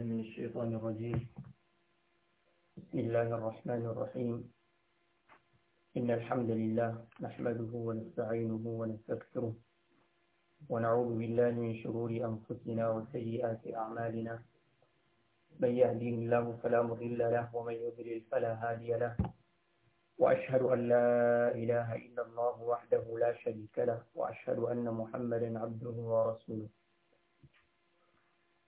من الشيطان الرجيم بسم الله الرحمن الرحيم إن الحمد لله نحمده ونستعينه ونستغفره ونعوذ بالله من شرور أنفسنا وسيئات أعمالنا من يهدي الله فلا مضل له ومن يضلل فلا هادي له وأشهد أن لا إله إلا الله وحده لا شريك له وأشهد أن محمدا عبده ورسوله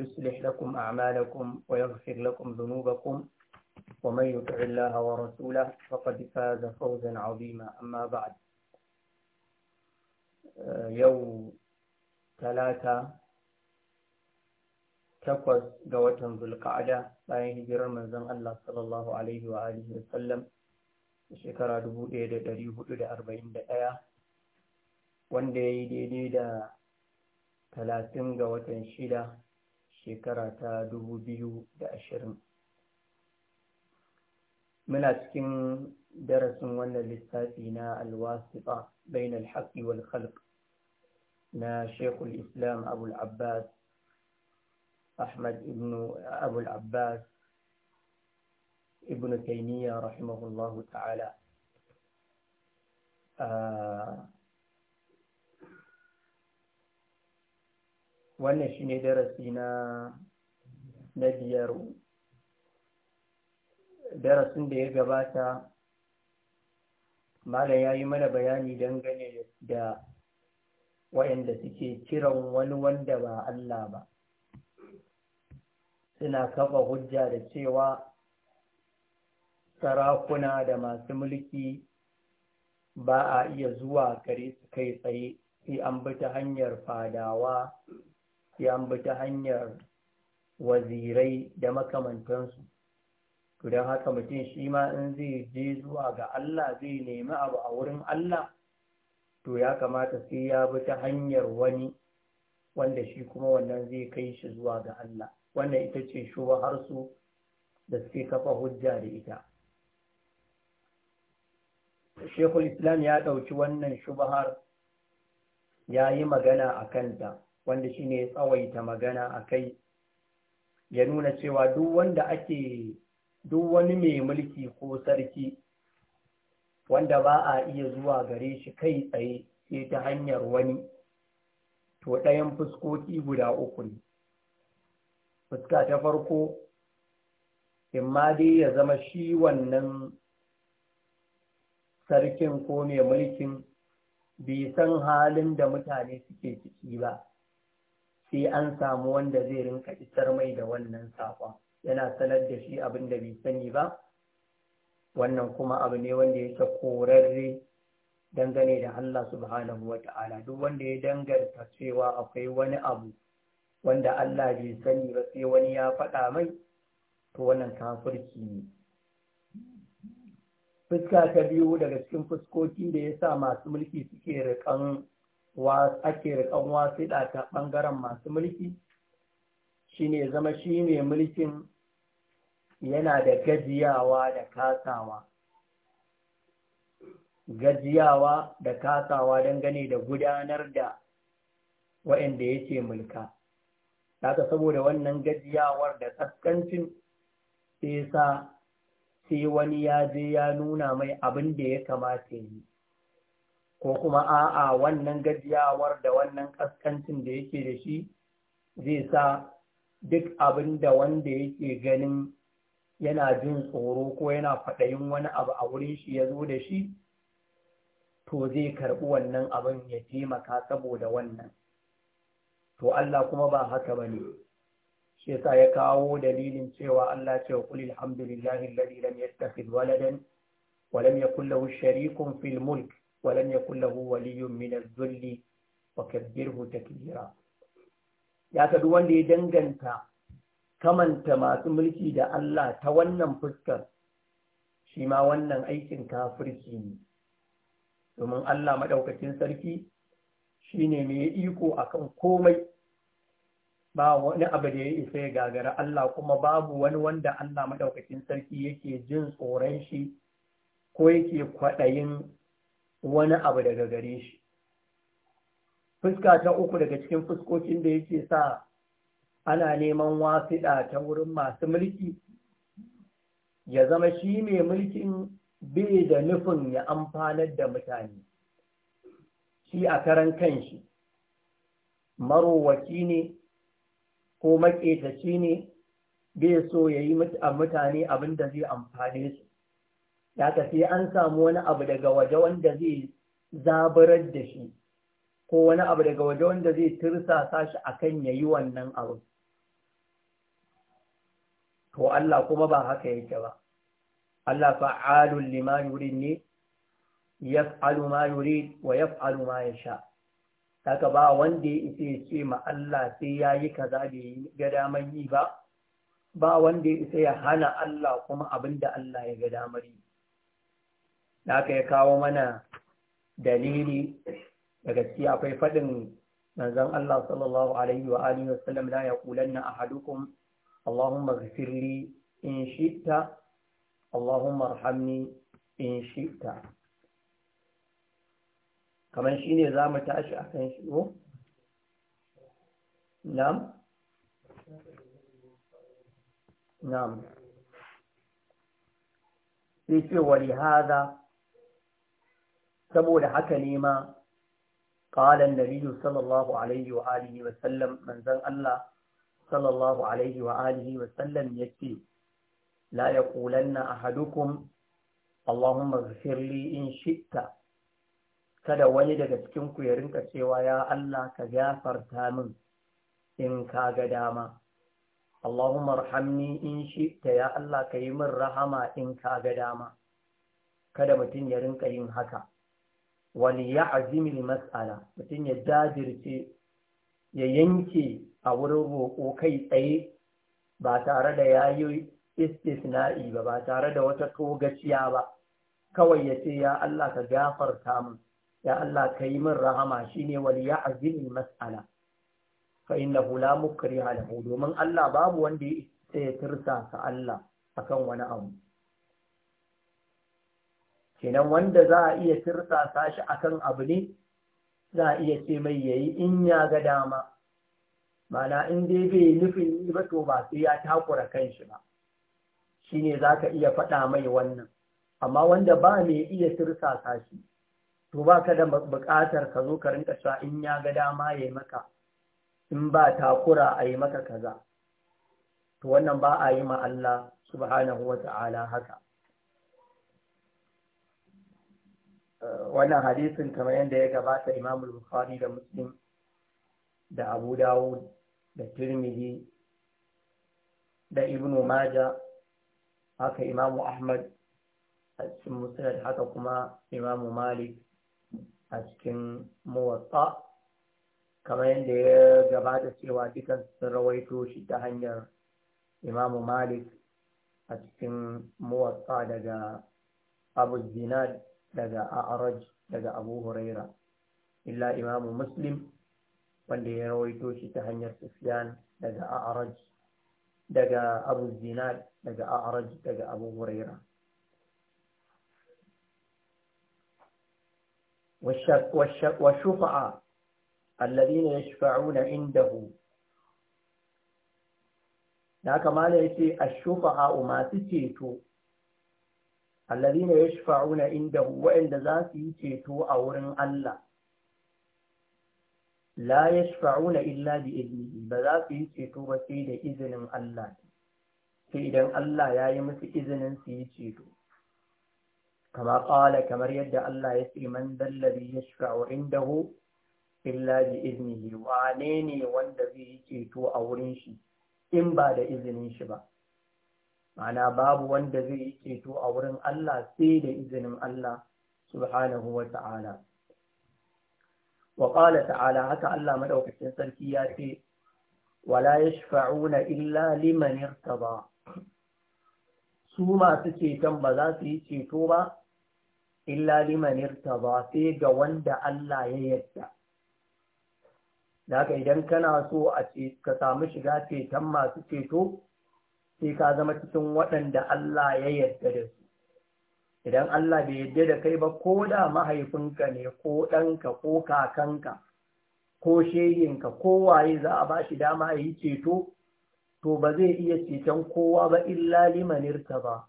يصلح لكم أعمالكم ويغفر لكم ذنوبكم ومن يطع الله ورسوله فقد فاز فوزا عظيما أما بعد يوم ثلاثة takwas ga watan zulka'ada bayan hijirar manzon Allah sallallahu alaihi wa alihi wa sallam shekara 1441 wanda ya yi daidai da talatin ga watan shida شكرا تا دو بيو دا أشرم ملاسكين درس ون للساتينا الواسطة بين الحق والخلق نا شيخ الإسلام أبو العباس أحمد ابن أبو العباس ابن تيمية رحمه الله تعالى آه wannan shi ne darasi na biyar darasin da ya gabata malam ya yi mana bayani dangane da wayanda suke kiran wani wanda ba Allah ba suna kafa hujja da cewa sarakuna da masu mulki ba a iya zuwa gare su kai tsaye sai an bi ta hanyar fadawa sai an bi ta hanyar wazirai da makamantansu to don haka mutum shi ma in zai je zuwa ga Allah zai nemi abu a wurin Allah to ya kamata sai ya bi ta hanyar wani wanda shi kuma wannan zai kai shi zuwa ga Allah wannan ita ce har su da suke kafa hujja da ita Shekul Islam ya ɗauki wannan shubahar ya yi magana a kanta wanda shine ya tsawaita magana a kai ya nuna cewa duk wanda ake duk wani mai mulki ko sarki wanda ba a iya zuwa gare shi kai tsaye sai ta hanyar wani to ɗayan fuskoki guda uku ne fuska ta farko imma dai ya zama shi wannan sarkin ko mai mulkin bai san halin da mutane suke ciki ba sai an samu wanda zai rinka isar mai da wannan saƙon yana sanar da shi abin da bai sani ba wannan kuma abu ne wanda yake korarre dangane da Allah subhanahu wa ta'ala duk wanda ya danganta cewa akwai wani abu wanda Allah bai sani ba sai wani ya faɗa mai to wannan kafirci ne fuska ta biyu daga cikin fuskoki da ya sa masu mulki suke rikan ake rikan da ta ɓangaren masu mulki Shi ne zama shi ne mulkin yana da gajiyawa da kasawa gajiyawa da kasawa dangane da gudanar da waɗanda yake mulka haka saboda wannan gajiyawar da tsakancin sai sa sai wani ya je ya nuna mai abin da ya kamata yi ko kuma a'a wannan gajiyawar da wannan kaskancin da yake da shi zai sa duk abin da wanda yake ganin yana jin tsoro ko yana faɗayin wani abu a wurin shi ya zo da shi to zai karɓi wannan abin ya taimaka saboda wannan to Allah kuma ba haka ba ne shi yasa ya kawo dalilin cewa Allah ce kuli, alhamdulillahi alladhi lam yattakhidh waladan wa lam yakul lahu sharikun fil mulk ولم يكن له ولي من الذل وكبره تكبيرا ya ka wanda ya danganta kamanta masu mulki da Allah ta wannan fuskar shi ma wannan aikin kafirci ne domin Allah maɗaukacin sarki shine ne mai iko akan komai ba wani abu da ya isa ya gagara Allah kuma babu wani wanda Allah maɗaukacin sarki yake jin tsoron shi ko yake kwaɗayin wani abu daga gare shi fuska ta uku daga cikin fuskokin da yake sa ana neman wasiɗa ta wurin masu mulki ya zama shi mai mulkin bai da nufin ya amfanar da mutane shi a karan kanshi marowaci ne ko maƙetaci ne bai so ya yi a mutane abin da zai amfane su Ya haka sai an samu wani abu daga waje wanda zai zabarar da shi ko wani abu daga waje wanda zai tirsasa shi akan yayi wannan abu to Allah kuma ba haka yake ba Allah fa'alul lima yurid ne yaf'alu ma yurid wa yaf'alu ma yasha haka ba wanda ya isa ya ce ma Allah sai yayi kaza bai ga gada yi ba ba wanda ya isa ya hana Allah kuma abinda Allah ya ga damar da aka ya kawo mana dalili daga ciki akwai faɗin manzon Allah sallallahu alaihi wa alihi wasallam la yaqulanna ahadukum Allahumma ighfir li in shi'ta Allahumma arhamni in shi'ta kamar shine zamu tashi akan shi ko Nam. na'am sai ce wa hada saboda haka nema, ma ƙalan nabiyu sallallahu alaihi wa alihi wa sallam manzon Allah sallallahu alaihi wa alihi wa sallam yace la yaqulanna ahadukum Allahumma ighfir in shi'ta kada wani daga cikin ku ya rinka cewa ya Allah ka gafarta min in ka ga dama Allahumma rahamni in shi'ta ya Allah ka yi min rahama in ka ga dama kada mutum ya rinka yin haka Wani ya azimil mas'ala mutum ya jajirce ya yanke a wurin roƙo kai tsaye ba tare da ya yi istisna'i ba ba tare da wata togaciya ba kawai ya ce ya Allah ka gafarta mu ya Allah ka yi min rahama Shi ne shine waliya azimil mas'ala fa hula la mukriha halahu. domin Allah babu wanda ya sai ya Allah akan wani abu kenan wanda za a iya tirsasa shi kan abu ne za a iya ce mai yayi in ya ga dama mana in dai bai nufin yi ba to ba sai ya takura shi ba Shi ne za ka iya faɗa mai wannan amma wanda ba mai iya tirsasa shi to ba ka da buƙatar ka zo ka rinka cewa in ya ga dama ya yi maka in ba takura a yi maka kaza to wannan ba a yi ma Allah subhanahu wa ta'ala haka wannan hadisin kamar yadda ya gabata Imam Bukhari da Muslim da Abu Dawud da Tirmidhi da Ibn maja haka Imam Ahmad a cikin Musnad haka kuma imam'u Malik a cikin Muwatta kamar yadda ya gabata cewa dukan sun rawaito shi ta hanyar imam'u Malik a cikin Muwatta daga Abu Zinad daga a'raj daga abu huraira illa Imam muslim wanda ya rawaito shi ta hanyar sufyan daga a'raj daga abu zinad daga a'raj daga abu huraira والشفعاء الذين يشفعون عنده da haka mala ya ce a alladhina yashfa'una indahu wa'inda za su yi ceto a wurin Allah la yashfa'una illa bi idnihi ba za su yi ceto ba sai da izinin Allah sai idan Allah ya yi musu izinin su yi ceto kama qala kamar yadda Allah ya ce man dalladhi yashfa'u indahu illa bi iznihi wane ne wanda zai yi ceto a wurin shi in ba da izinin shi ba ma'ana babu wanda zai yi ceto a wurin Allah sai da izinin Allah subhanahu wa ta'ala wa qala ta'ala haka Allah madaukakin sarki ya ce wala yashfa'una illa liman irtada su masu ceton ba za su yi ceto ba illa liman irtada sai ga wanda Allah ya yadda. da haka idan kana so a ka samu shiga ceton masu ceto sai ka zama cikin waɗanda Allah ya yadda da su idan Allah bai yarda da kai ba ko da mahaifinka ne ko ɗanka ko kakanka ko shehinka ko waye za a ba shi dama ya yi ceto to ba zai iya ceton kowa ba illa limanirta ba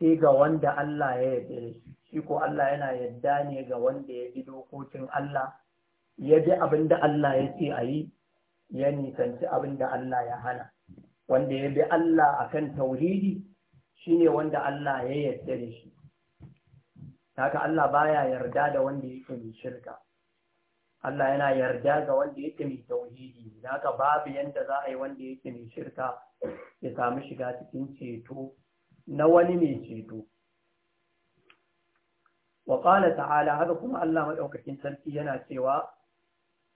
sai ga wanda Allah ya yarda da shi shi ko Allah yana yarda ne ga wanda ya bi dokokin Allah ya ji abin da Allah ya ce a yi ya nisanci abin da Allah ya hana wanda ya bi Allah a kan tauhidi shine wanda Allah ya yarda da shi haka Allah baya yarda da wanda yake mai shirka Allah yana yarda ga wanda yake mai tauhidi naka babu yadda za a yi wanda yake mai shirka ya samu shiga cikin ceto na wani mai ceto وقال ta'ala هذا kuma Allah maɗaukacin sarki yana cewa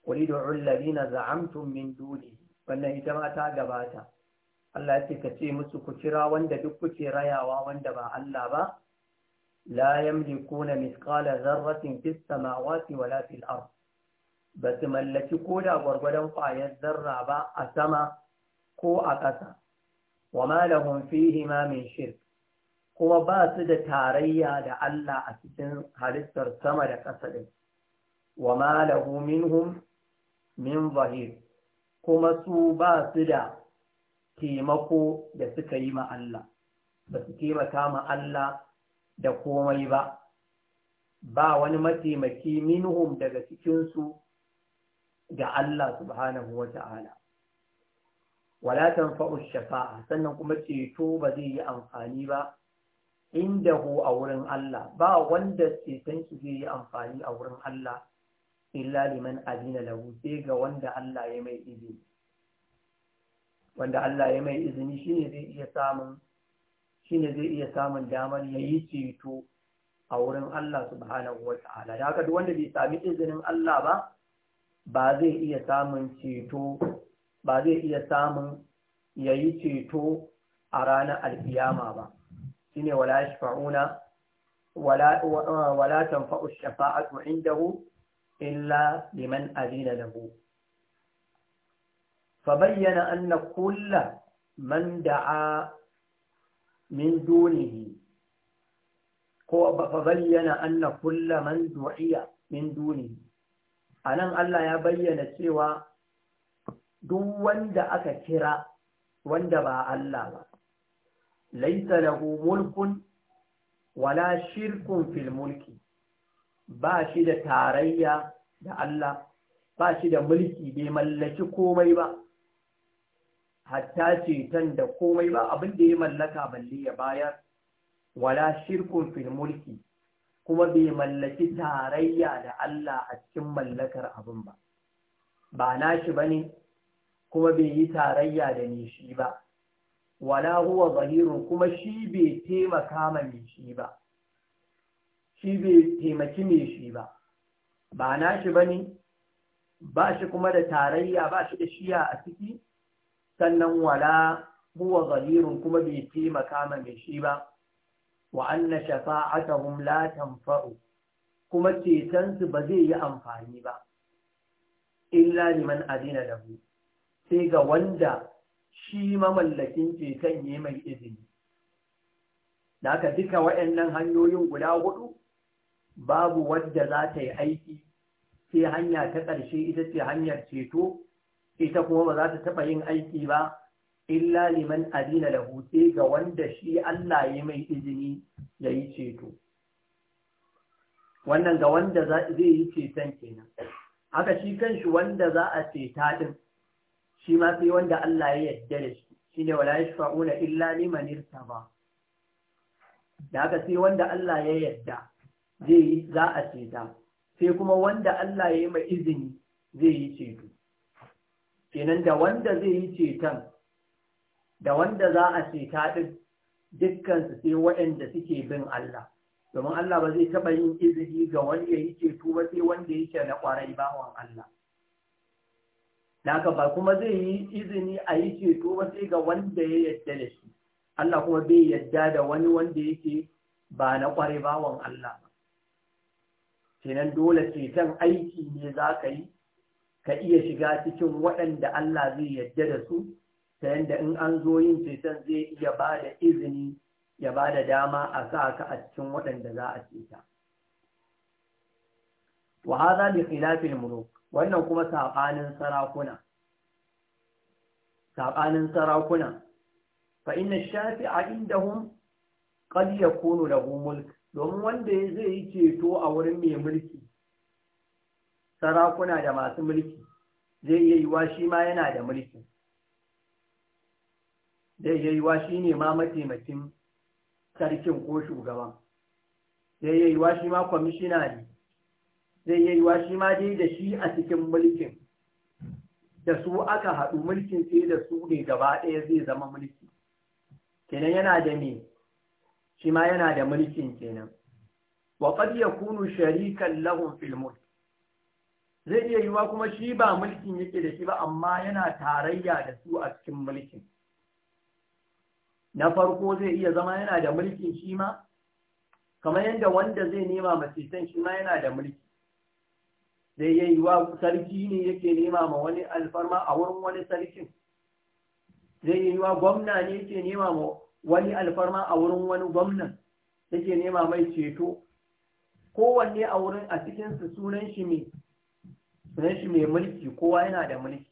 قل ادعوا na زعمتم min دونه wannan ita ma ta gabata Allah ya ce ka ce musu ku kira wanda duk kuke rayawa wanda ba Allah ba la yamlikuna mithqala dharratin fis samawati wala fil ard ba su mallaki ko da gwargwadon kwayar zarra ba a sama ko a ƙasa wa ma lahum fihi ma min shirk kuma ba su da tarayya da Allah a cikin halittar sama da ƙasa ɗin. wa ma minhum min zahir kuma su ba su da taimako da suka yi ma Allah ba su taimaka ma Allah da komai ba ba wani mataimaki minhum daga cikinsu ga Allah subhanahu wa ta'ala wala tanfa'u shafa'a sannan kuma ceto ba zai yi amfani ba inda indahu a wurin Allah ba wanda ceton shi zai yi amfani a wurin Allah illa liman adina lahu sai ga wanda Allah ya mai izini wanda Allah ya mai izini shine zai iya samun shine zai iya samun damar yayi ceto a wurin Allah subhanahu wata'ala da haka duk wanda bai sami izinin Allah ba ba zai iya samun ceto ba zai iya samun yayi ceto a ranar alkiyama ba shine wala yashfa'una wala wala tanfa'u shafa'atu indahu illa liman azina lahu فبين أن كل من دعا من دونه bayyana أن كل من دعي من دونه أنا الله يبين سوى duk wanda aka kira wanda ba Allah ba laisa lahu mulkun wala shirkun fil mulki ba shi da tarayya da Allah ba shi da mulki bai mallaki komai ba hatta ceton da komai ba abin da ya mallaka balle ya bayar wala shirkun fil mulki kuma bai mallaki tarayya da Allah a cikin mallakar abin ba ba nashi bane kuma bai yi tarayya da ni shi ba wala huwa zahirun kuma shi bai taimaka ma mai shi ba shi bai taimaki mai shi ba ba nashi bane ba shi kuma da tarayya ba shi da shiya a ciki sannan wala huwa zalirun kuma bai taimaka ma mai shi ba wa anna shafa'atuhum la tanfa'u kuma cetonsu ba zai yi amfani ba illa liman adina lahu sai ga wanda shi mamallakin ceton ne mai izini da aka duka waɗannan hanyoyin guda hudu babu wadda za ta yi aiki sai hanya ta ƙarshe ita ce hanyar ceto ita kuma ba za ta taɓa yin aiki ba illa liman adina da sai ga wanda shi Allah ya mai izini ya yi ceto wannan ga wanda zai yi ceton kenan haka shi kanshi wanda za a ceta ɗin? shi ma sai wanda Allah ya yadda da shi shine wala yashfa'una illa liman irtaba da haka sai wanda Allah ya yadda zai za a ceta sai kuma wanda Allah ya yi mai izini zai yi ceto kenan da wanda zai yi ceton da wanda za a ceta ɗin dukkansu sai waɗanda suke bin Allah domin Allah ba zai taɓa yin izini ga wanda ya yi ceto ba sai wanda yake na ƙwarai bawan Allah Naka ba kuma zai yi izini a yi ceto ba sai ga wanda ya yadda da shi Allah kuma bai yadda da wani wanda yake ba na ƙwarai bawan Allah ba kenan dole ceton aiki ne za ka yi ka iya shiga cikin waɗanda Allah zai yadda da su ta yadda in an zo yin ceton zai iya ba da izini ya ba da dama a sa ka a cikin waɗanda za a ceta. Wa haza bi khilafil wannan kuma saɓanin sarakuna. Saƙanin sarakuna fa inna ƙali ya qad da hun mulk domin wanda zai yi ceto a wurin mai mulki sarakuna da masu mulki zai iya yiwa shi ma yana da mulki zai iya yiwa shi ne ma mataimakin sarkin ko shugaban zai iya yiwa shi ma kwamishinari. ne zai iya yiwa shi ma dai da shi a cikin mulkin da su aka haɗu mulkin sai da su ne gaba ɗaya zai zama mulki kenan yana da me shi ma yana da mulkin kenan wa qad yakunu sharikan lahum fil mulk zai iya yiwa kuma shi ba mulkin yake da shi ba amma yana tarayya da su a cikin mulkin na farko zai iya zama yana da mulkin shi ma kamar yadda wanda zai nema masitan shi ma yana da mulki zai iya yiwa sarki ne yake nema ma wani alfarma a wurin wani sarkin zai iya yiwa gwamna ne yake nema ma wani alfarma a wurin wani gwamnan yake nema mai ceto kowanne a wurin a cikinsu sunan shi mai sunan shi mai mulki kowa yana da mulki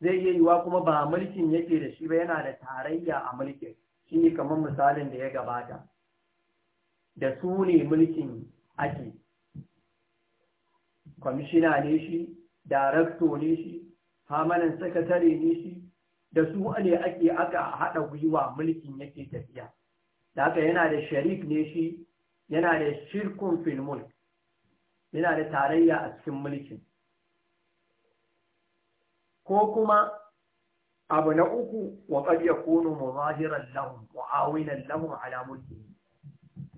zai iya yiwa kuma ba mulkin yake da shi ba yana da tarayya a mulkin shi ne kamar misalin da ya gabata da su ne mulkin ake kwamishina ne shi darakto ne shi hamanin sakatare ne shi da su ne ake aka haɗa gwiwa mulkin yake tafiya da haka yana da sharif ne shi yana da shirkun filmul yana da tarayya a cikin mulkin ko kuma abu na uku wa qad yakunu muzahiran lahum muawinan lahum ala mulki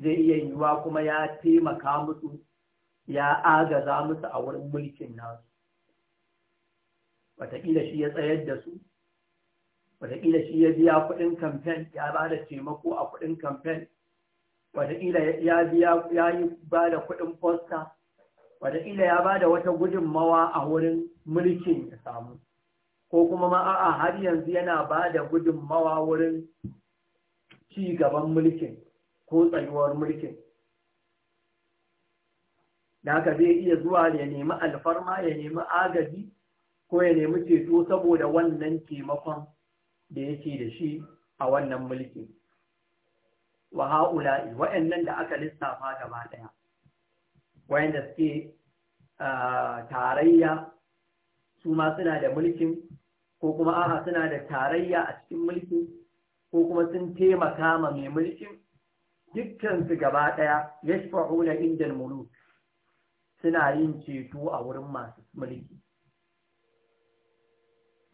zai iya yiwuwa kuma ya taimaka musu ya agaza musu a wurin mulkin nasu wataƙila shi ya tsayar da su wataƙila shi ya biya kuɗin kamfen ya ba da taimako a kuɗin kamfen wataƙila ya biya ya yi ba da kuɗin fosta wataƙila ya ba da wata gudunmawa a wurin mulkin ya samu ko kuma ma a har yanzu yana ba da gudunmawa wurin ci gaban mulkin ko tsayuwar mulkin da haka zai iya zuwa ya nemi alfarma ya nemi agaji ko ya nemi ceto saboda wannan taimakon da yake da shi a wannan mulki wa ha'ula'i wa'annan da aka lissafa gaba daya wa'anda suke ah, tarayya su ma suna da mulkin ko kuma a'a suna da tarayya a cikin mulki ko kuma sun taimaka ma mai mulkin dukkansu gaba ɗaya ya shafa'una indal muluk suna yin ceto a wurin masu mulki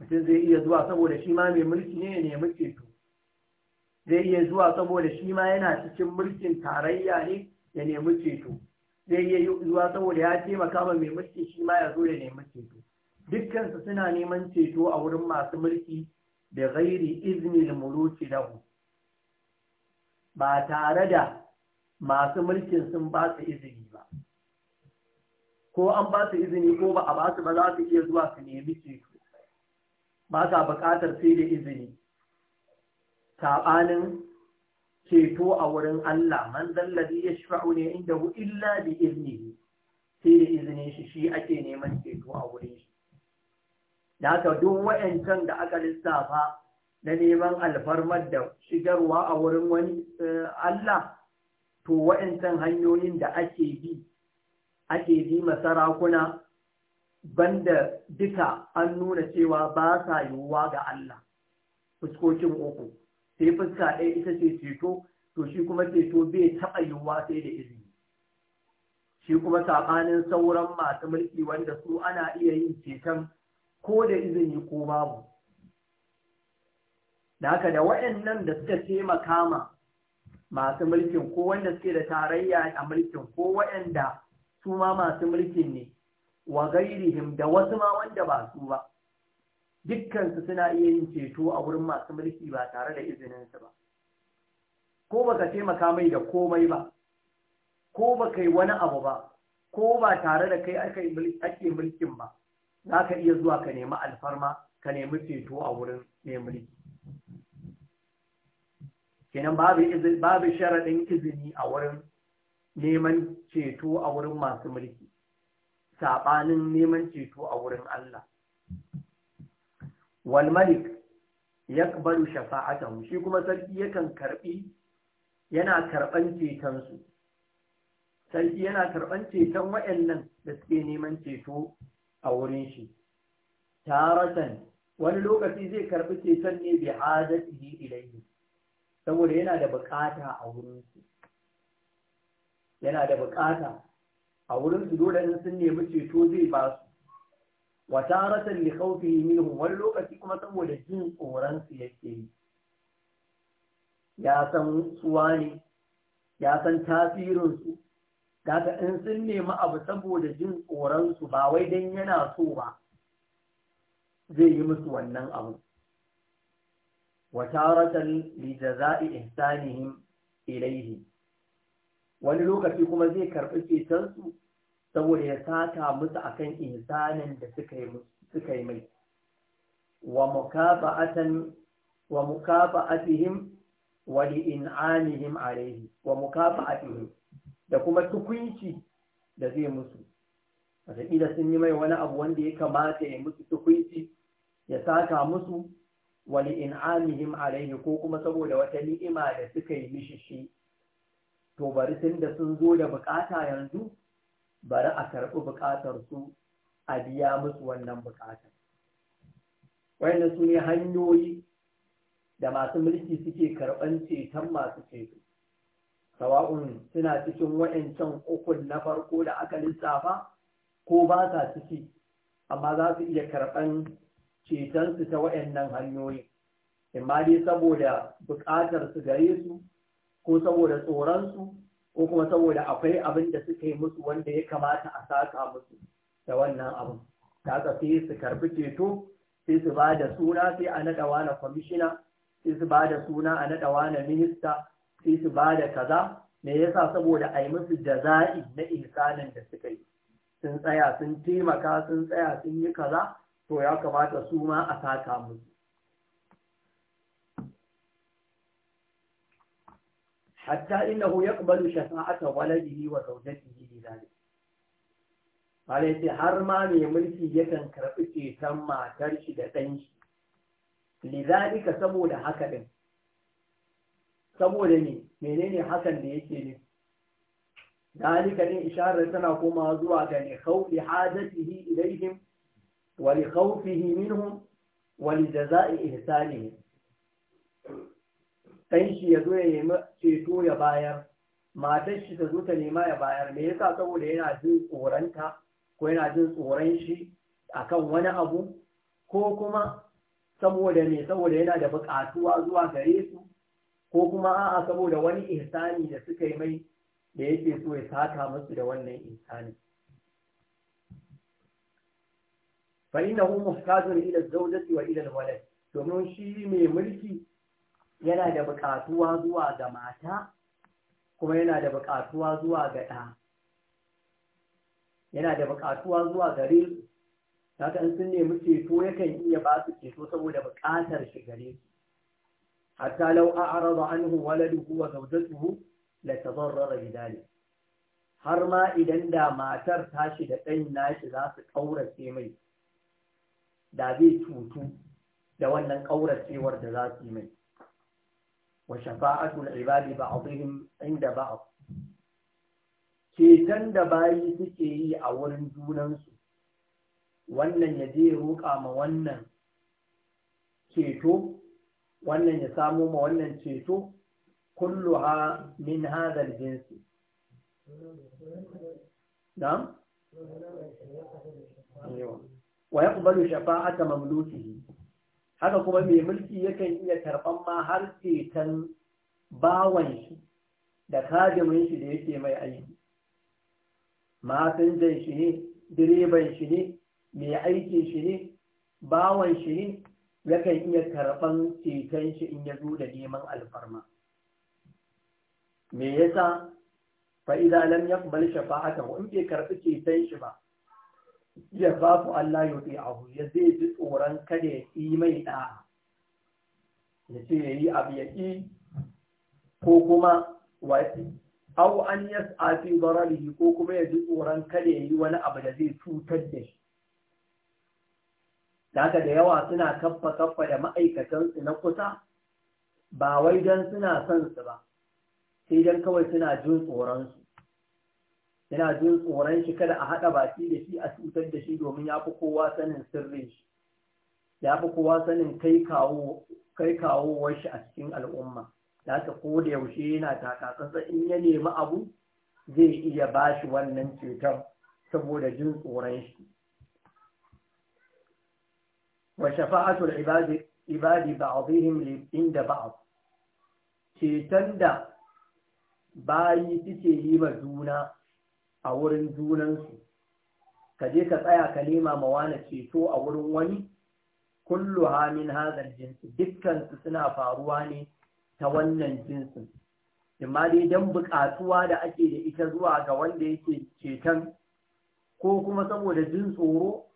mutum zai iya zuwa saboda shi ma mai mulki ne ya nemi ceto zai iya zuwa saboda shi ma yana cikin mulkin tarayya ne ya nemi ceto zai iya zuwa saboda ya taimaka ma mai mulki shi ma ya zo ya nemi ceto dukkansu suna neman ceto a wurin masu mulki da gairi iznil muluki lahu ba tare da masu mulkin sun ba su izini ba ko an ba su izini ko ba a ba su ba za su iya zuwa su nemi ceto ba sa buƙatar sai da izini saɓanin ceto a wurin Allah man zallabi ya shafa'u ne inda illa bi izini sai da izinin shi shi ake neman ceto a wurin shi da haka duk wa'yancan da aka lissafa na neman alfarmar da shigarwa a wurin wani eh, Allah to wayancan hanyoyin da ake bi ake bi masarakuna banda duka an nuna cewa ba sa yiwuwa ga Allah fuskokin uku sai fuska ɗaya ita ce ceto to shi kuma ceto bai taɓa yiwuwa sai da izini shi kuma saɓanin sauran masu mulki wanda su ana iya yin ceton ko da izin yi ko babu da haka da waɗannan da suka taimaka ma masu mulkin ko wanda suke da tarayya a mulkin ko waɗanda su ma masu mulkin ne wa gairihim da wasu ma wanda ba su ba dukkansu suna iya yin ceto a wurin masu mulki ba tare da izininsu ba ko baka taimaka mai da komai ba ko baka yi wani abu ba ko ba tare da kai ake mulkin ba za ka iya zuwa ka nemi alfarma ka nemi ceto a wurin mai kenan babu sharaɗin izini a wurin neman ceto a wurin masu mulki saɓanin neman ceto a wurin Allah wal malik ya baru shafa'atan shi kuma sarki yakan karɓi yana karɓan cetonsu sarki yana karɓan ceton waɗannan da suke neman ceto a wurin shi taratan wani lokaci zai karɓi ceton ne bi hajjatihi ilayhi saboda yana da bukata a wurin shi yana da bukata a wurin su dole in sun nemi ceto zai ba su wa taratan li khawfihi minhum wani lokaci kuma saboda jin tsoron su yake ya san suwa ne ya san tasirin su kaga in sun nemi abu saboda jin tsoronsu ba wai don yana so ba zai yi musu wannan abu wataratan lijaza'i ihsanihim ilaihi wani lokaci kuma zai karɓi cetonsu saboda ya sata musu akan ihsanin da suka yi mai wa mukaba'atan wa wa li'in'anihim alaihi wa mukafa'atihim. da kuma tukunci da zai musu wataƙila sun yi mai wani abu wanda ya kamata ya musu tukunci ya saka musu wani in'amihim alaihi ko kuma saboda wata ni'ima da suka yi mishi shi to bari tun da sun zo da bukata yanzu bari a karɓi bukatar su a biya musu wannan bukatar wayannan su ne hanyoyi da masu mulki suke karɓan ceton masu ceto sawa'un suna cikin wa'ancan ukun na farko da aka lissafa ko ba sa ciki amma za su iya karɓan cetonsu ta wa'annan hanyoyi imma dai saboda buƙatar su gare su ko saboda tsoronsu ko kuma saboda akwai abin da suka yi musu wanda ya kamata a saka musu da wannan abin ta sai su karɓi ceto sai su ba da suna sai a naɗa na kwamishina sai su ba da suna a naɗawa na minista sai su ba da kaza me yasa saboda a yi musu jaza'i na ihsanin da suka yi sun tsaya sun taimaka sun tsaya sun yi kaza to ya kamata su ma a saka musu hatta innahu yaqbalu shafa'ata waladihi wa zawjatihi lidhalik bale sai har ma mai mulki yakan karɓi ceton matar shi da ɗan shi saboda haka din saboda ne menene hakan da yake ne dalika ne isharar tana koma zuwa ga ne khawfi hadatihi ilaihim wa li khawfihi minhum wa li jazai ihsanihi dan shi ya zo ya nemi ceto ya bayar matar shi ta zo ta nema ya bayar me yasa saboda yana jin tsoronta ko yana jin tsoron shi akan wani abu ko kuma saboda ne saboda yana da buƙatuwa zuwa gare su ko kuma a'a saboda wani ihsani da suka yi mai da yake so ya saka musu da wannan ihsani fa innahu muhtajun ila zawjati wa ila walad domin shi mai mulki yana da buƙatuwa zuwa ga mata kuma yana da buƙatuwa zuwa ga ɗa yana da buƙatuwa zuwa gare su haka in sun nemi ceto yakan iya ba su ceto saboda bukatar shi gare su حتى لو أعرض عنه ولده وزوجته لتضرر بذلك har ma idan da matar tashi da ɗan nashi za su ƙaurace mai da zai cutu da wannan ƙauracewar da za su yi mai wa shafa'atul ibadi ba'dihim inda ba'd ceton da bayi suke yi a wurin junansu wannan ya je roƙa ma wannan ceto wannan ya samu ma wannan ceto kullu'a min hadal jinsi na'am wa yaqbalu shafa'ata mamlukihi haka kuma mai mulki yakan iya karban ma har ceton bawan shi da kadimin shi da yake mai aiki masinjan shi ne direban shi ne mai aikin shi ne bawan shi ne yakan iya karɓan ceton shi in ya zo da neman alfarma me yasa fa ya lam yaqbal shafa'atahu in bai karɓi ceton shi ba ya bafu Allah abu ya zai ji tsoron kada ya yi mai ɗa'a? ya ce ya yi abu ya ƙi ko kuma wasi au an yas'a fi dararihi ko kuma ya ji tsoron kada ya yi wani abu da zai cutar da shi Daga da yawa suna kaffa kaffa da ma'aikatansu na kusa ba wai don suna son su ba, sai don kawai suna jin tsoronsu. Yana jin tsoron shi kada a haɗa baki da shi a cutar da shi domin ya fi kowa sanin sirrin shi, ya fi kowa sanin kai kawowar shi a cikin al'umma. Da ta ko da yaushe yana takakasa in ya nemi abu zai iya bashi wannan cutar saboda jin tsoron shi. وشفاعة العباد ibadi ba'dihim inda ba'd ceton da bayi suke yi ma juna a wurin junansu ka je ka tsaya ka nema ma ceto a wurin wani kullu hamin hazar jinsi dukkansu suna faruwa ne ta wannan jinsin imma dai don buƙatuwa da ake da ita zuwa ga wanda yake ceton ko kuma saboda jin tsoro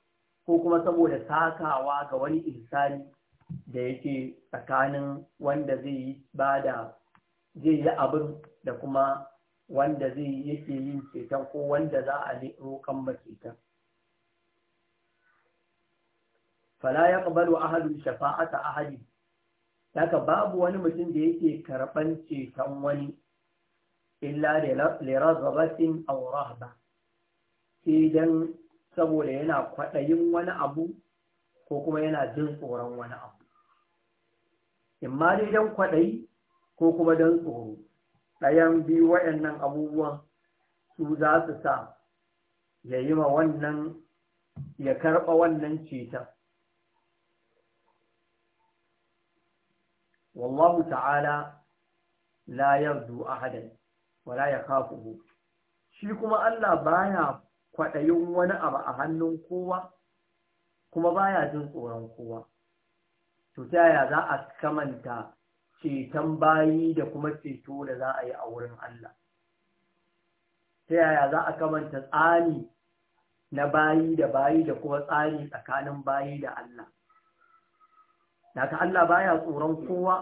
ko kuma saboda sakawa ga wani insani da yake tsakanin wanda zai yi bada zai yi abin da kuma wanda zai yi yake yin ceton ko wanda za a roƙon maceton fala ya ƙabalu ahadu shafa'ata ahadi daga babu wani mutum da yake karɓan ceton wani illa lirazabatin ba, sai don saboda yana kwaɗayin wani abu ko kuma yana jin tsoron wani abu imma dai don kwaɗayi ko kuma don tsoro ɗayan biyu waɗannan abubuwan su za su sa ya yi ma wannan ya karɓa wannan ceton wallahu ta'ala la yardu ahadan wala kafu shi kuma Allah baya kwaɗayin wani abu a hannun kowa kuma baya jin tsoron kowa to ta yaya za a kamanta ceton bayi da kuma ceto da za a yi a wurin Allah ta yaya za a kamanta tsani na bayi da bayi da kuma tsari tsakanin bayi da Allah daga Allah baya tsoron kowa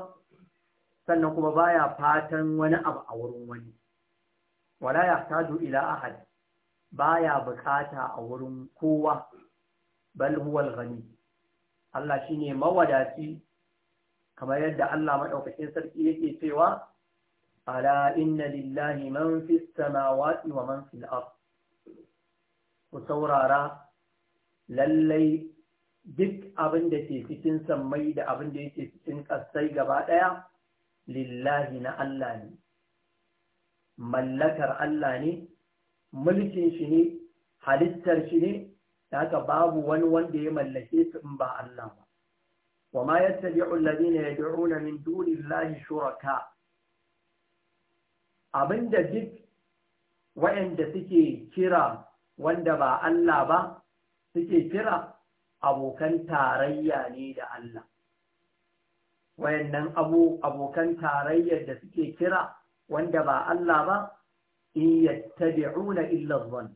sannan kuma baya fatan wani abu a wurin wani wala ya ila ahadi baya bukata a wurin kowa bal huwal ghani Allah shine mawadaci kamar yadda Allah madaukakin sarki yake cewa ala inna lillahi man fis samawati wa man fil ard ku saurara lallai duk abin da ke cikin sammai da abin da yake cikin ƙasai gaba ɗaya lillahi na Allah ne mallakar Allah ne mulkin shi ne halittar shi ne da haka babu wani wanda ya mallake su in ba Allah ba wa ma ya alladhina yad'una min dunillahi shuraka abinda duk wa'anda suke kira wanda ba Allah ba suke kira abokan tarayya ne da Allah wayannan abu abokan tarayyar da suke kira wanda ba Allah ba in yattabi'una illa dhann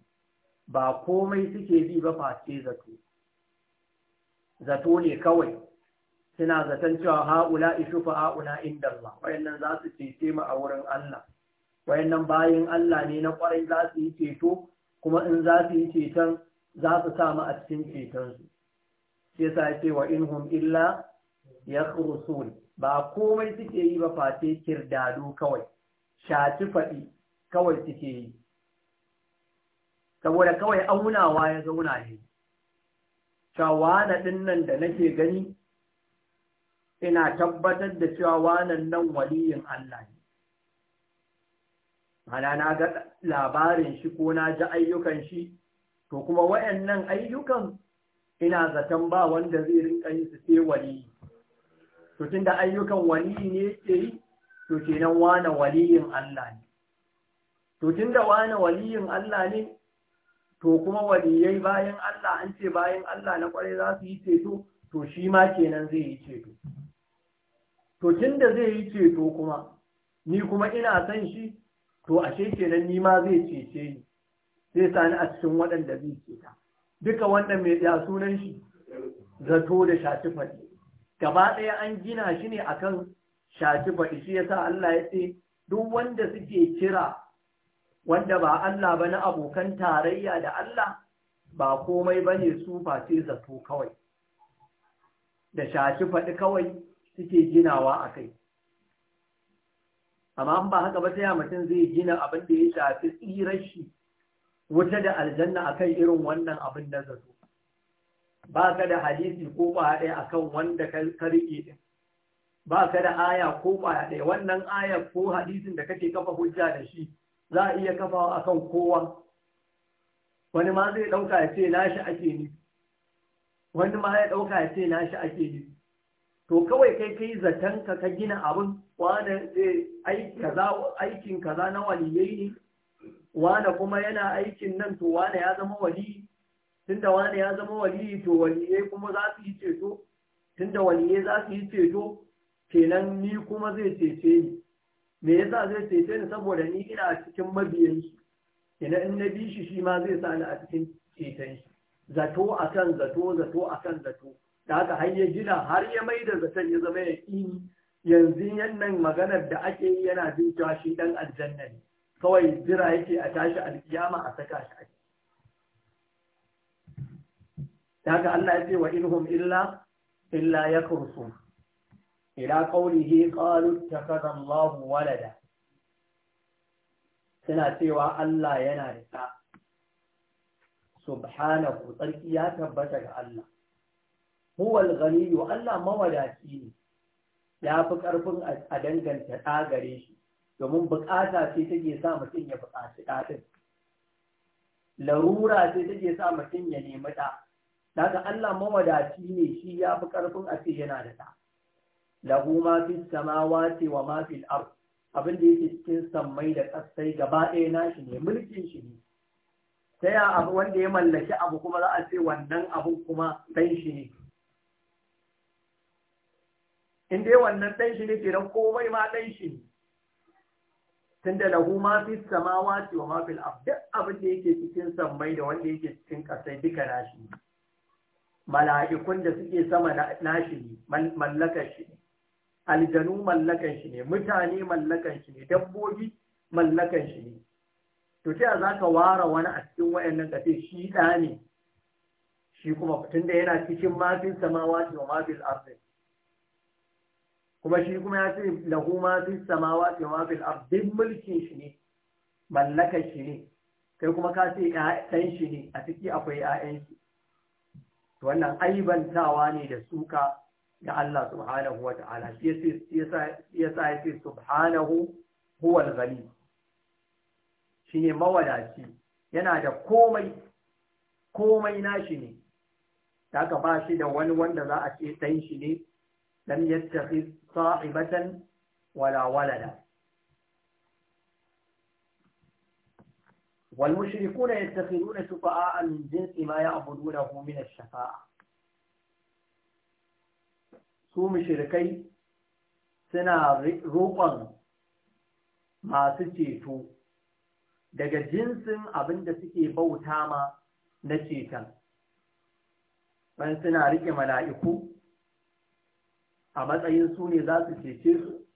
ba komai suke bi ba face zato zato ne kawai suna zaton cewa ha'ula ishufa ha'ula inda Allah wayannan za su cece mu a wurin Allah wayannan bayin Allah ne na kwarai za su yi ceto kuma in za su yi ceton za su sa mu a cikin ceton su sai yasa ce wa inhum illa yakhrusun ba komai suke yi ba face kirdado kawai shaci faɗi kawai suke yi saboda kawai aunawa ya zauna ne cewa na nan da nake gani ina tabbatar da cewa wanan nan waliyin Allah ne mana na ga labarin shi ko na ji ayyukan shi to kuma wayannan ayyukan ina zaton ba wanda zai rinka yi su sai waliyi to tunda ayyukan waliyi ne ke yi to kenan wana waliyin Allah ne to tun da wani waliyin Allah ne to kuma waliyai bayan Allah an ce bayan Allah na kwarai za su yi ceto to shi ma kenan zai yi ceto to tun da zai yi ceto kuma ni kuma ina san shi to ashe kenan ni ma zai cece ni sai sani a cikin waɗanda zai ceta duka wanda mai ɗaya sunan shi zato da shafi faɗi gaba ɗaya an gina shi ne akan shafi faɗi shi yasa Allah ya ce duk wanda suke kira wanda ba Allah ba na abokan tarayya da Allah ba komai ba ne su face zato kawai da shafi faɗi kawai suke ginawa a kai amma an ba haka ba sai mutum zai gina abin da ya shafi tsirar shi wuta da aljanna akan irin wannan abin da zato ba ka da hadisi ko ɗaya kan wanda ka riƙe din ba ka da aya ko ɗaya wannan aya ko hadisin da kake kafa hujja da shi za a iya kafawa kan kowa wani ma zai ɗauka ya ce nashi ake ne wani ma ya ɗauka ya ce nashi ake ne to kawai kai kai zaton ka ka gina abin wane aikin kaza na waliyai ne wane kuma yana aikin nan to wane ya zama wali tunda wane ya zama wali to waliyai kuma za su yi ceto tunda waliyai za su yi ceto kenan ni kuma zai cece ni me yasa zai cece ni saboda ni ina cikin mabiyan shi ina in na bi shi shi ma zai sa ni a cikin ceton shi zato akan zato zato akan zato da haka har ya gina har ya mai da zaton ya zama ya yanzu yannan maganar da ake yi yana jin shi dan aljanna ne kawai jira yake a tashi alkiyama a saka shi ake da haka Allah ya ce wa inhum illa illa ya yakursu ila qawlihi qalu ittakhadha Allahu walada suna cewa Allah yana da ta. subhanahu tsarki ya tabbata ga Allah huwal ganiyu Allah mawadaci ne ya fi ƙarfin a danganta ɗa gare shi domin buƙata sai take sa mutum ya buƙaci ɗaɗin larura sai take sa mutum ya nemi ɗa daga Allah mawadaci ne shi ya fi ƙarfin a ce yana da ɗa lahu ma fi samawati wa ma fil ard abin da yake cikin sammai da kasai gaba ɗaya nashi ne mulkin shi ne ta ya abu wanda ya mallaki abu kuma za a ce wannan abu kuma dan shi ne in dai wannan dan shi ne kenan komai ma dan shi ne tunda lahu ma fi samawati wa ma fil ard duk abin da yake cikin sammai da wanda yake cikin kasai duka nashi ne mala'ikun da suke sama nashi ne mallakar shi aljanu mallakan shi ne mutane mallakan shi ne dabbobi mallakan shi ne to ta za ka ware wani a cikin wayannan ka shi ɗa ne shi kuma tunda yana cikin mafin samawati wa mafil ardi kuma shi kuma ya ce lahu mafin samawati wa mafil ardi mulkin shi ne mallakan shi ne kai kuma ka ce ɗan shi ne a ciki akwai ‘ya'yan shi wannan aibantawa ne da suka na Allah subhanahu wa ta'ala shi yasa ce subhanahu huwa al-ghani ne mawadaci yana da komai komai nashi ne haka ba shi da wani wanda za a ce ɗan shi ne lam yattakhidh sa'ibatan wala walada والمشركون يتخذون شفعاء من جنس ما يعبدونه من الشفاعة su mushrikai suna roƙon masu ceto daga jinsin abin da suke bauta ma na ceton ban suna riƙe mala'iku a matsayin su ne za su cece su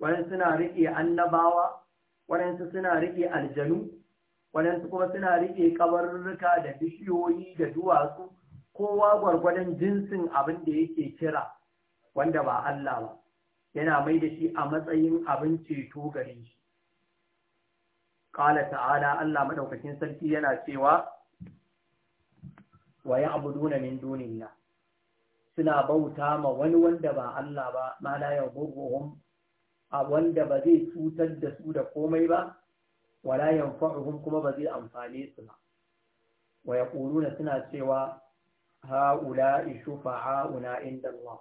Wani suna riƙe annabawa waɗansu suna riƙe aljanu waɗansu kuma suna riƙe ƙabarruka da bishiyoyi da duwatsu kowa gwargwadon jinsin abin da yake kira wanda ba Allah ba yana mai da shi a matsayin abin ceto gare shi qala ta'ala Allah maɗaukacin sarki yana cewa wa ya'buduna min duniya? suna bauta ma wani wanda ba Allah ba ma la yaghurruhum a wanda ba zai cutar da su da komai ba wala yanfa'uhum kuma ba zai amfane su ba wa ƙuruna suna cewa ha'ula'i ha'una inda Allah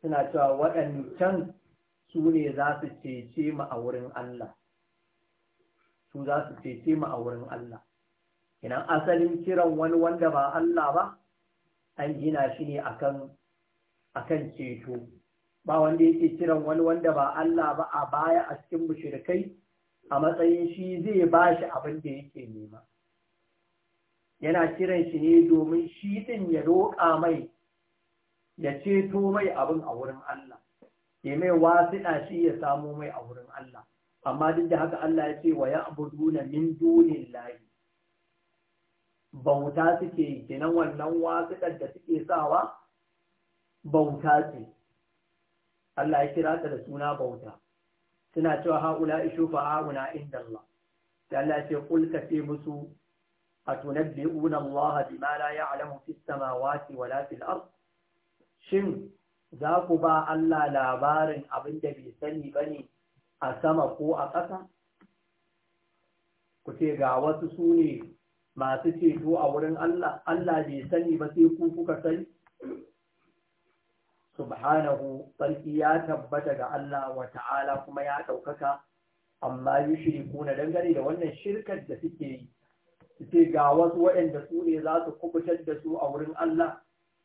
suna cewa waɗancan su ne za su cece mu a wurin Allah su za su cece mu a wurin Allah Ina asalin kiran wani wanda ba Allah ba an gina shi ne akan kan ceto ba wanda yake kiran wani wanda ba Allah ba a baya a cikin mushrikai a matsayin shi zai ba shi abin da yake nema yana kiran shi ne domin shi din ya roƙa mai ya ceto mai abin a wurin Allah ya mai wasiɗa shi ya samo mai a wurin Allah amma duk da haka Allah ya ce wa ya abuduna min dunin lahi bauta suke kenan wannan wasiɗar da suke sawa bauta ce Allah ya kira ta da suna bauta suna cewa haula ishu fa'auna inda Allah da Allah ya ce kul ce musu atunabbi'una Allah bima la ya'lamu fis samawati wala fil ardh shin za ku ba Allah labarin abin da bai sani ba ne a sama ko a ƙasa? Ku ce ga wasu su ne masu ceto a wurin Allah, Allah bai sani ba sai ku kuka sani? Subhanahu, sarki ya tabbata ga Allah wa ta'ala kuma ya ɗaukaka, amma yi shiri na dangane da wannan shirkar da suke yi. Su ce ga wasu waɗanda su ne za su kubutar da su a wurin Allah.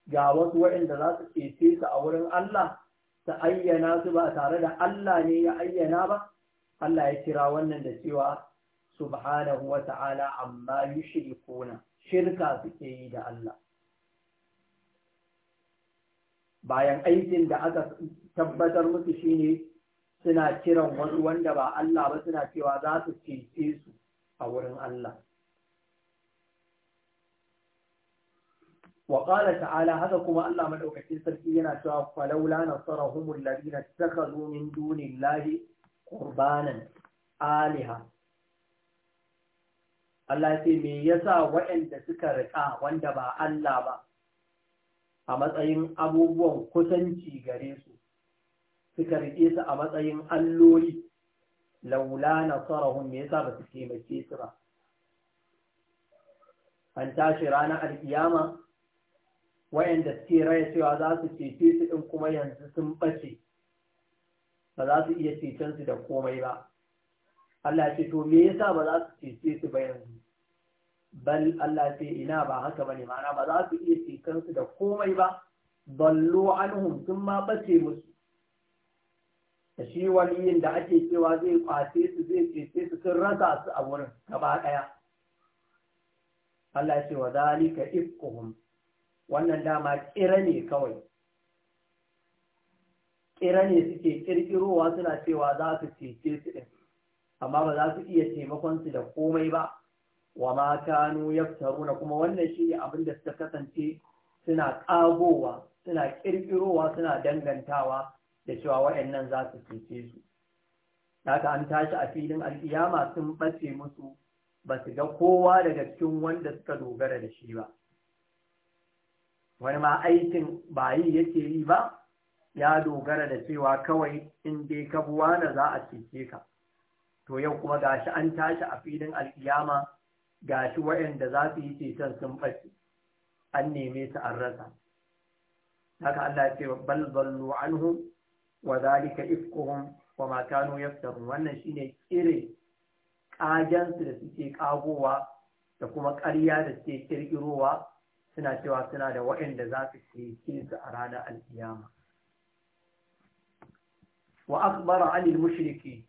ga wasu waɗanda za su cece su a wurin Allah ta ayyana su ba tare da Allah ne ya ayyana ba Allah ya kira wannan da cewa subhanahu wa ta'ala amma yushrikuna shirka suke yi da Allah bayan aikin da aka tabbatar musu shine suna kiran wasu wanda ba Allah ba suna cewa za su cece su a wurin Allah وقال تعالى هذا كما الله من أوكتين سرقينا شاف فلولا نصرهم الذين اتخذوا من دون الله قربانا آلهة ce me yasa waɗanda suka riƙa wanda ba Allah ba, a matsayin abubuwan kusanci gare su suka riƙe su a matsayin alloli laula na tsarahun me yasa ba su taimake su ba an tashi ranar al'iyama. wayanda suke raya cewa za su cece su ɗin kuma yanzu sun ɓace ba za su iya cecen su da komai ba Allah ce to me yasa ba za su cece su ba yanzu bal Allah ce ina ba haka bane ma'ana ba za su iya cecen su da komai ba ballo anhum sun ma ɓace musu da shi waliyin da ake cewa zai kwace su zai cece su sun rasa su a wurin gaba ɗaya Allah ce wa zalika ifkuhum wannan dama kira ne kawai kira ne suke kirkirowa suna cewa za su cece su ɗin amma ba za su iya taimakon su da komai ba wa ma kanu yaftaruna kuma wannan shi ne abin da suka kasance suna ƙagowa suna ƙirƙirowa, suna dangantawa da cewa waɗannan za su cece su haka an tashi a filin alkiyama sun ɓace musu ba su ga kowa daga cikin wanda suka dogara da shi ba wani ma aikin ba yi yake yi ba ya dogara da cewa kawai in dai ka buwa na za a cece ka to yau kuma gashi an tashi a filin alkiyama gashi waɗanda za su yi ceton sun ɓace an neme su an rasa haka Allah ce bal zallu wazalika wa zalika ifkuhum wa ma kanu yaftarun wannan shine irin kajansu da suke kagowa da kuma ƙarya da suke kirkirowa suna cewa suna da waɗanda za su ce su a ranar alkiyama wa akbara alil mushriki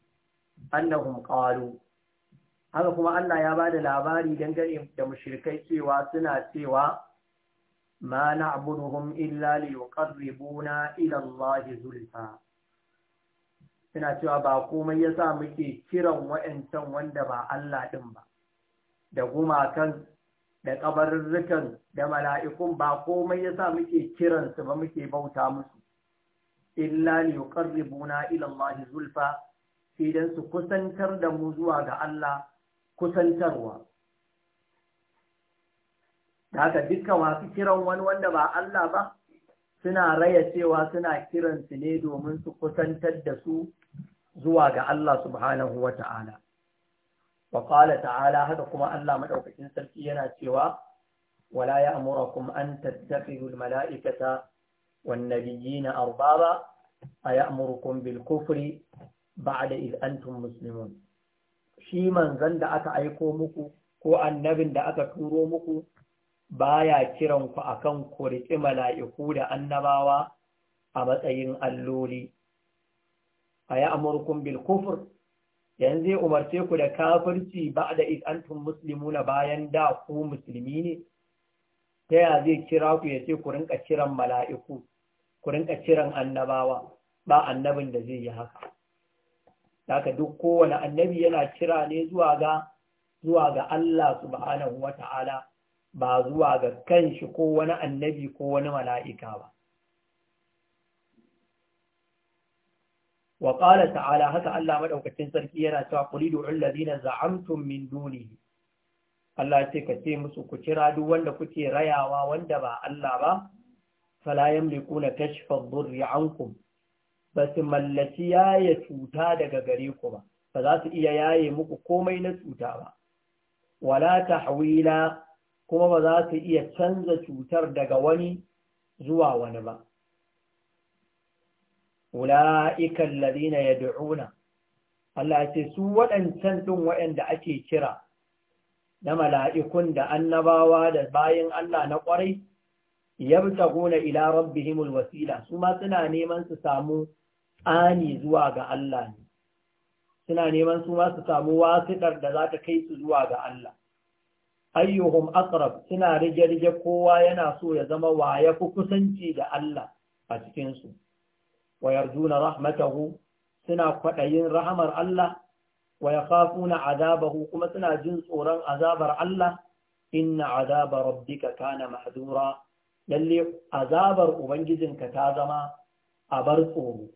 annahum qalu haka kuma Allah ya ba da labari dangane da mushrikai cewa suna cewa ma na'buduhum illa liyuqarribuna ila Allah zulfa suna cewa ba komai yasa muke kiran wa'ancan wanda ba Allah ɗin ba da gumakan da kabarurrukan da mala'ikun ba komai yasa muke kiransu ba muke bauta musu illa ne li yuqarribuna ila Allah zulfa idan su kusantar da mu zuwa ga Allah kusantarwa haka dukkan masu kiran wani wanda ba Allah ba suna raya cewa suna kiransu ne domin su kusantar da su zuwa ga Allah subhanahu wa ta'ala. فقال تعالى هذا كما ألا مدعوكين سلسينا سوى ولا يأمركم أن تتخذوا الملائكة والنبيين أربابا أيأمركم بالكفر بعد إذ أنتم مسلمون shi manzan da aka aiko muku ko annabin da aka turo muku baya kiran ku kan ku riƙi mala'iku da annabawa a matsayin alloli a bil kufur yanzu zai umarce ku da kafirci ba da musulmi na bayan da ku musulmi ne ta ya zai kira ku ya ce ku rinka kiran mala'iku ku rinka kiran annabawa ba annabin da zai yi haka haka duk kowane annabi yana kira ne zuwa ga zuwa ga Allah subhanahu wata'ala ba zuwa ga kanshi ko wani annabi ko wani mala'ika ba wa qala ta'ala haka Allah maɗaukacin sarki yana cewa qulidu alladhina za'amtum min minduni." Allah ce ka ce musu ku kira duk wanda kuke rayawa wanda ba Allah ba fala yamlikuna kashfa ad-durri ankum ba su mallaci yaye cuta daga gare ku ba ba za su iya yaye muku komai na cuta ba wala tahwila kuma ba za su iya canza cutar daga wani zuwa wani ba أولئك الذين يدعون Allah ya ce su waɗancan ɗin waɗanda ake kira na mala'ikun da annabawa da bayan Allah na ƙwarai, yabtaguna ila rabbihimul wasila, su ma suna neman su samu tsani zuwa ga Allah ne, suna neman su ma su samu wasiɗar da za ta kai su zuwa ga Allah. Ayyuhum akrab suna rige-rige kowa yana so ya zama wa ku kusanci da Allah a cikinsu. wa yarjuna rahmatahu suna kwaɗayin rahamar Allah wa yakhafuna azabahu kuma suna jin tsoron azabar Allah inna azaba rabbika kana mahdura lalle azabar ubangijinka ta zama a bar tsoro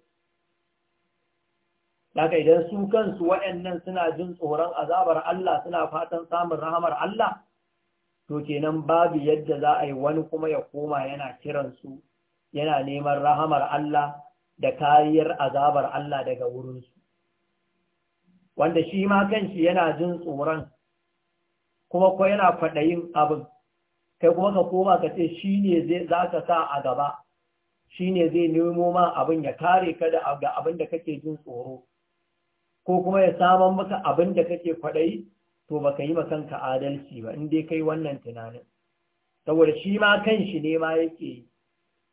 Daga idan su kansu waɗannan suna jin tsoron azabar Allah suna fatan samun rahamar Allah, to kenan babu yadda za a yi wani kuma ya koma yana kiransu, yana neman rahamar Allah da kariyar azabar Allah daga wurinsu, wanda shi ma kanshi yana jin tsoron kuma ko yana kwaɗayin abin, kai kuma ka koma ka ce shi ne za sa a gaba, shi ne zai nemo ma abin ya kare ka da abin da kake jin tsoro, ko kuma ya saman maka abin da kake kwaɗayi, to ba ka yi kanka adalci ba, in dai kai wannan tunanin. Saboda shi ma kanshi ne ma yake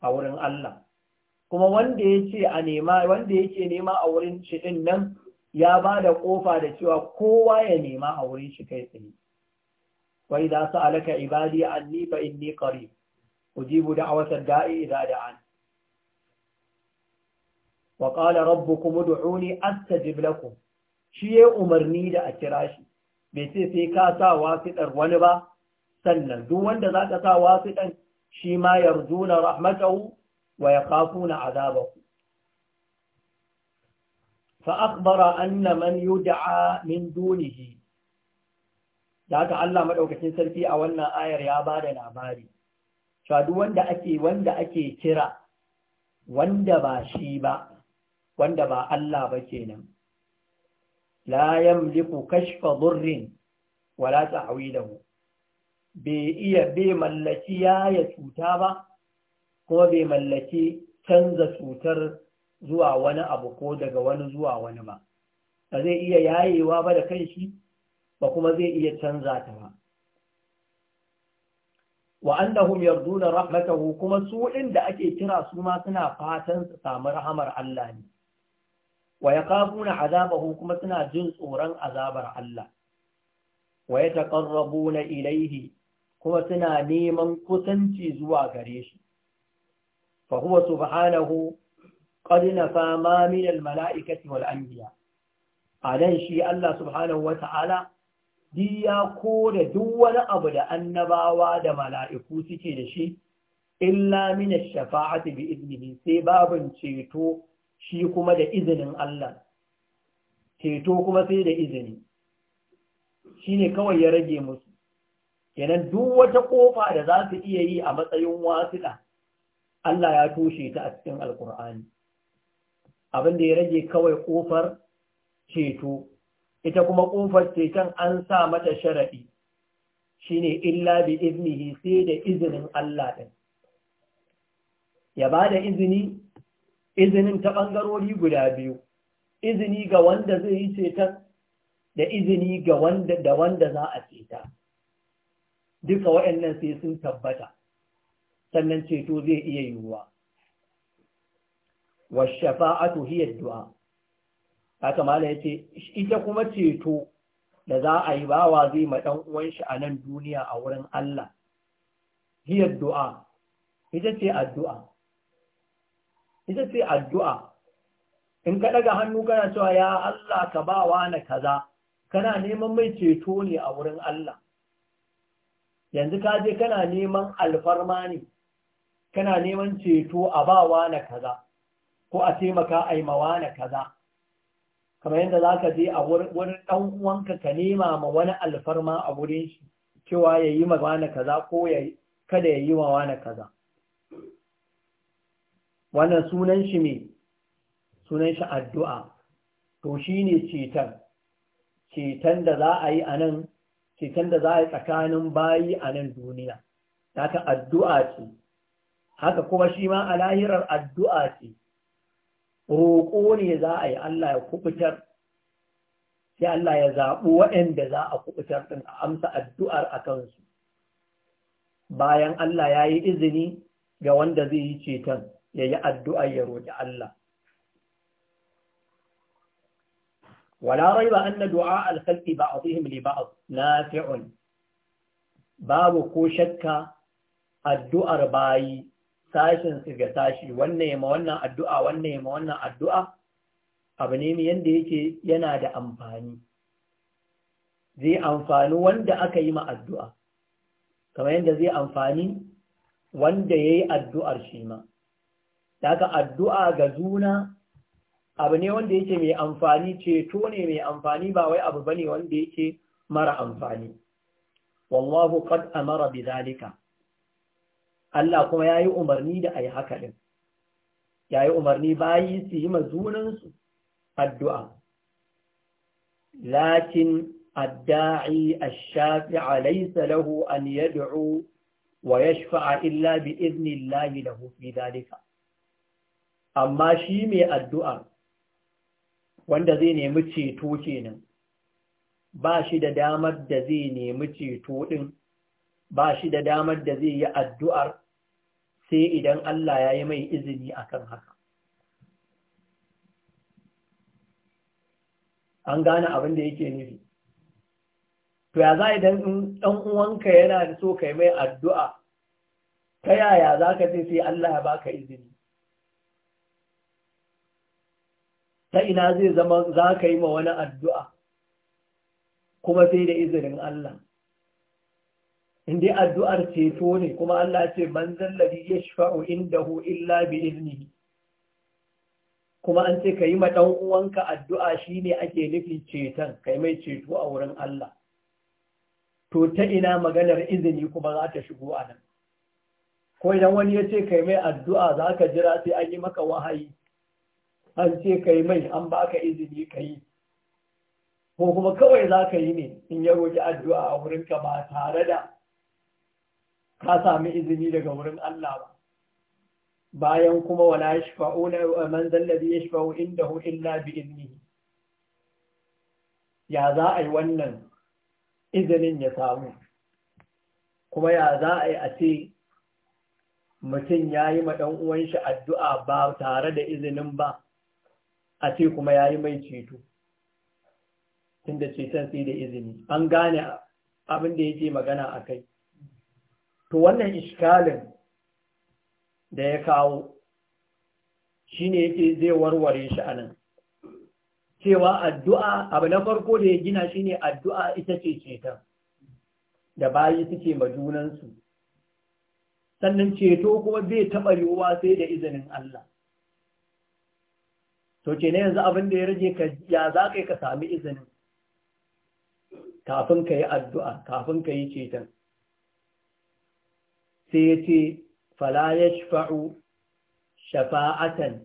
a wurin Allah. kuma wanda yace a nema wanda yake nema a wurin shi din nan ya ba da kofa da cewa kowa ya nema a wurin shi kai tsaye wa idza sa'alaka ibadi anni fa inni qarib ujibu da'watad da'i da da'an wa qala rabbukum ud'uni astajib lakum shi ya umarni da a kira shi bai ce sai ka sa wasiɗar wani ba sannan duk wanda za ka sa wasiɗan shi ma yarjuna rahmatahu wa yakhafuna azabahu فأخبر أن من يدعى من دونه ذاك الله مدوكacin sarki a wannan ayar ya bada labari cewa duk wanda ake kira wanda ba shi ba wanda ba Allah ba kenan la yamliku kashfa dhurrin wala mu. bai iya bai mallaki ya ya cuta ba kuma bai mallaki canza cutar zuwa wani abu ko daga wani zuwa wani ba ba zai iya yayewa ba da kanshi ba kuma zai iya canza ta ba wa annahum yarduna rahmatahu kuma su inda da ake kira su ma suna fatan su samu rahamar Allah ne wa yaqabuna azabahu kuma suna jin tsoron azabar Allah wa yataqarrabuna ilayhi kuma suna neman kusanci zuwa gare shi fa huwa subhanahu qad nafa ma min al mala'ikati wal anbiya alan shi Allah subhanahu wa ta'ala di ko da duk wani abu da annabawa da mala'iku suke da shi illa min ash-shafa'ati bi idnihi sai babin ceto shi kuma da izinin Allah ceto kuma sai da izini shine kawai ya rage musu kenan duk wata ƙofa da za su iya yi a matsayin wasiƙa Allah ya tushe ta a cikin alkur'ani abin da ya rage kawai ƙofar ceto ita kuma ƙofar ceton an sa mata sharaɗi shine illa bi iznihi sai da izinin Allah ɗin ya ba da izini izinin ta ɓangarori guda biyu izini ga wanda zai yi ceton da izini ga wanda da wanda za a ceta duka waɗannan sai sun tabbata sannan ceto zai iya yiwuwa wa shafa'atu hiya du'a haka mala yace ita kuma ceto da za a yi bawa zai ma dan uwan shi a nan duniya a wurin Allah hiya du'a ita ce addu'a ita ce addu'a in ka daga hannu kana cewa ya Allah ka bawa wa na kaza kana neman mai ceto ne a wurin Allah yanzu ka je kana neman alfarma ne kana neman ceto a bawa na kaza ko a taimaka a yi wa na kaza kamar yadda za ka je a wurin ɗan uwanka ka nema ma wani alfarma a wurin shi cewa ya yi wa na kaza ko kada ya yi wa na kaza wannan sunan shi ne sunan shi addu'a to shi ne ceton ceton da za a yi a nan ceton da za a yi tsakanin bayi a nan duniya ta addu'a ce haka kuma shi ma a lahirar addu'a ce roƙo ne za a yi Allah ya kubutar sai Allah ya zaɓi waɗanda za a kubutar ɗin a amsa addu'ar a kansu bayan Allah ya yi izini ga wanda zai yi ceton ya yi addu'ar ya roƙi Allah ولا ريب أن دعاء الخلق بعضهم لبعض نافع babu ko shakka addu'ar bayi tashin su ga sashi wannan yamma wannan addu'a wannan yamma wannan addu'a abu ne mai yanda yake yana da amfani zai amfani wanda aka yi ma addu'a kamar yadda zai amfani wanda ya yi addu'ar shi ma da addu'a ga juna abu ne wanda yake mai amfani ceto ne mai amfani ba wai abu bane wanda yake mara amfani wallahu qad amara bi zalika Allah kuma ya yi umarni da a yi haka ɗin, ya yi umarni bayi su yi mazunansu addu'a. Lakin adda'i a shafi alaisa lahu an yad'u wa ya shafa'a illa bi iznin lahi da hufi dalika. Amma shi mai addu'a wanda zai nemi ceto kenan, ba shi da damar da zai nemi ceto ɗin ba shi da damar da zai yi addu'ar sai idan Allah ya yi mai izini akan haka an gane abin da yake nufi to ya za idan ɗan uwanka yana da so kai mai addu'a ta yaya za ka ce sai Allah ya baka izini ta ina zai zama za ka yi ma wani addu'a kuma sai da izinin Allah in dai addu'ar ceto ne kuma Allah ce man zallabi ya inda indahu illa bi iznihi kuma an ce ka yi ma ɗan uwanka addu'a shine ne ake nufi ceton kai mai ceto a wurin Allah to ta ina maganar izini kuma za ta shigo a nan ko idan wani ya ce kai mai addu'a za ka jira sai an yi maka wahayi an ce kai mai an baka izini ka yi ko kuma kawai za ka yi ne in ya roƙi addu'a a wurinka ba tare da ka sami izini daga wurin Allah ba bayan kuma wala yashfa'una man zalladhi yashfa'u indahu illa bi iznihi ya za a yi wannan izinin ya samu kuma ya za a yi a ce mutum ya yi maɗan addu'a ba tare da izinin ba a ce kuma ya yi mai ceto tun da ceton sai da izini an gane abin da yake magana a kai to wannan iskalin da ya kawo shi ne yake zai warware shi a nan cewa addu'a abu na farko da ya gina shi ne addu'a ita ce ceton da bayi suke majunansu sannan ceto kuma zai taɓa yiwuwa sai da izinin Allah to ke na yanzu abin da ya rage ya za ka ka sami izinin kafin ka yi addu'a kafin ka yi ceton sai ya ce fala ya shafa'u shafa'atan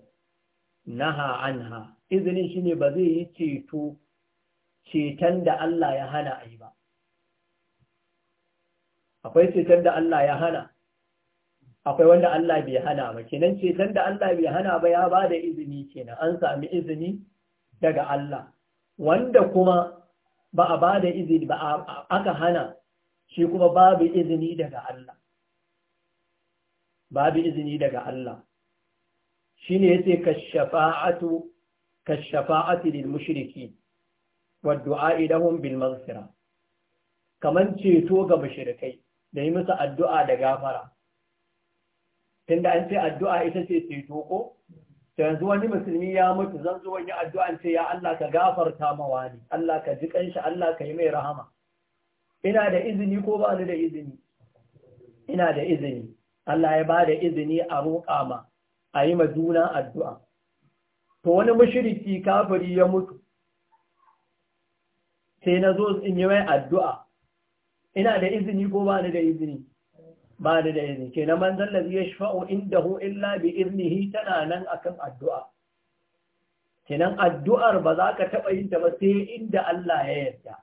naha ha. izinin shi ne ba zai yi ceto ceton da Allah ya hana a yi ba akwai ceton da Allah ya hana akwai wanda Allah bai hana ba kenan ceton da Allah bai hana ba ya ba da izini kenan an sami izini daga Allah wanda kuma ba a ba da izini ba aka hana shi kuma babu izini daga Allah babu izini daga Allah shine yace kashafa'atu kashafa'ati lil mushriki wad du'a lahum bil maghfira kaman ceto ga mushrikai da yi musu addu'a da gafara tunda an ce addu'a ita ce ceto ko yanzu wani musulmi ya mutu zan zo wani addu'an ce ya Allah ka gafarta mawa ne Allah ka ji kanshi Allah ka yi mai rahama ina da izini ko ba ni da izini ina da izini Allah ya ba da izini a roƙa ma a yi ma juna addu'a to wani mashiriki kafari ya mutu sai na zo in yi mai addu'a ina da izini ko ba ni da izini ba ni da izini ke na manzan lafi ya shafa'o inda hu illa bi irnihi tana nan akan addu'a kenan addu'ar ba za ka taɓa yin ta ba sai inda Allah ya yarda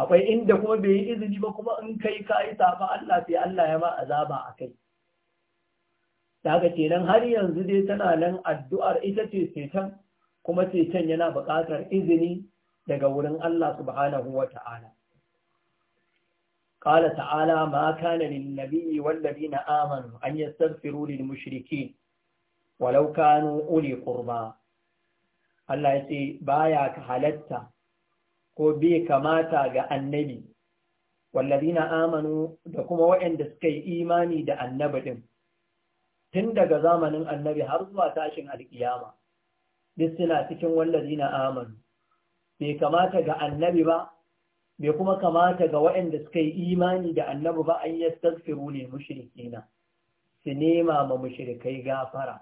akwai inda kuma bai yi izini ba kuma in kai ka yi safa Allah sai Allah ya ma azaba a kai daga kenan har yanzu dai tana nan addu'ar ita ce ceton kuma ceton yana buƙatar izini daga wurin Allah subhanahu wa ta'ala قال ta'ala ما na للنبي والذين na أن hanyar للمشركين walau kanu uli قربا Allah ya ce baya ka halatta ko bai kamata ga annabi wallazina amanu da kuma waɗanda suka yi imani da annabi ɗin. tun daga zamanin annabi har zuwa tashin alkiyama duk suna cikin wallazina amanu bai kamata ga annabi ba bai kuma kamata ga waɗanda suka yi imani da annabi ba an yastaghfiru lil na, su nema ma mushirikai gafara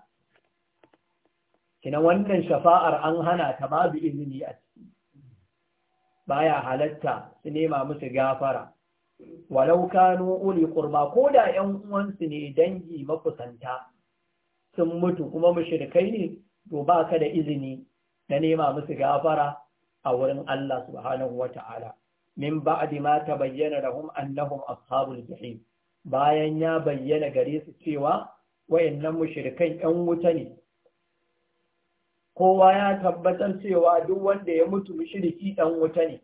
kina wannan shafa'ar an hana ta babu izini a baya halatta su nema musu gafara walau kanu uli qurba ko da 'yan uwansu ne dangi makusanta sun mutu kuma mushrikai ne to ba ka da izini na nema musu gafara a wurin Allah subhanahu wata'ala min ba'di ma bayyana lahum annahum ashabul jahim bayan ya bayyana gare su cewa wayannan mushrikai 'yan wuta ne kowa ya tabbatar cewa duk wanda ya mutu mushriki dan wuta ne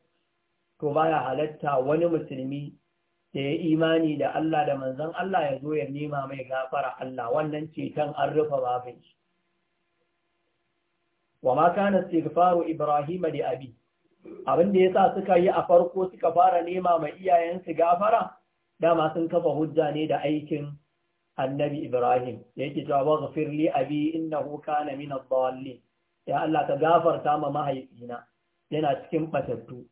to baya halatta wani musulmi da ya imani da Allah da manzon Allah ya zo ya nema mai gafara Allah wannan ceton an rufe babin shi wa ma kana istighfaru ibrahima li abi abin da yasa suka yi a farko suka fara nema mai iyayensu gafara dama sun kafa hujja ne da aikin annabi ibrahim yake cewa waghfir li abi innahu kana min ad ya Allah ka gafarta ma mahaifina yana cikin batattu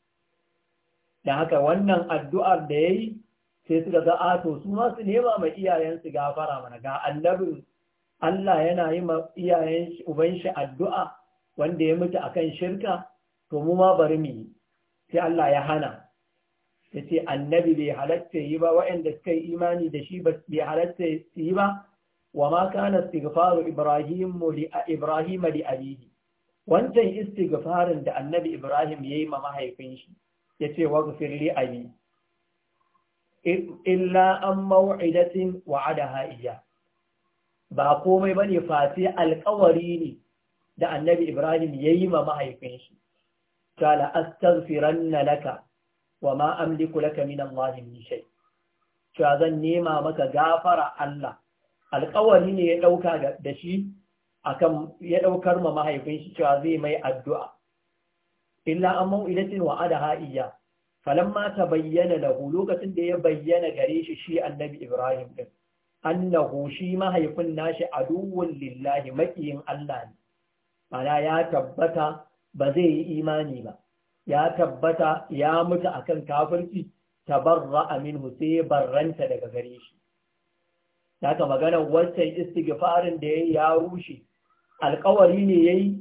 da haka wannan addu'ar da yayi sai suka ga ato su masu su nema ma iyayensu gafara mana ga annabin Allah yana yi ma iyayen uban shi addu'a wanda ya mutu akan shirka to mu ma bari mu yi sai Allah ya hana ya ce annabi bai halatta yi ba waɗanda suka yi imani da shi bai halatta yi ba wa ma kana istighfaru ibrahim ibrahim li abihi wancan istighfarin da annabi Ibrahim ya yi ma mahaifin shi ya ce wa gafirli abi illa an mau'idatin wa'ada ha'iya. ba komai bane face alƙawari ne da annabi Ibrahim ya yi ma mahaifin shi kala astaghfiranna laka wa ma amliku laka min Allah min cewa zan nema maka gafara Allah alƙawari ne ya ɗauka da shi akan ya ɗaukar ma mahaifin shi cewa zai mai addu'a illa amma ilatin wa adaha iya falamma ta bayyana lahu lokacin da ya bayyana gare shi shi annabi ibrahim din annahu shi mahaifin nashi aduwwun lillahi makiyin allah ne mana ya tabbata ba zai yi imani ba ya tabbata ya mutu akan kafirci tabarra minhu sai barranta daga gare shi Daga maganar wancan istigifarin da ya rushe alƙawari ne yayi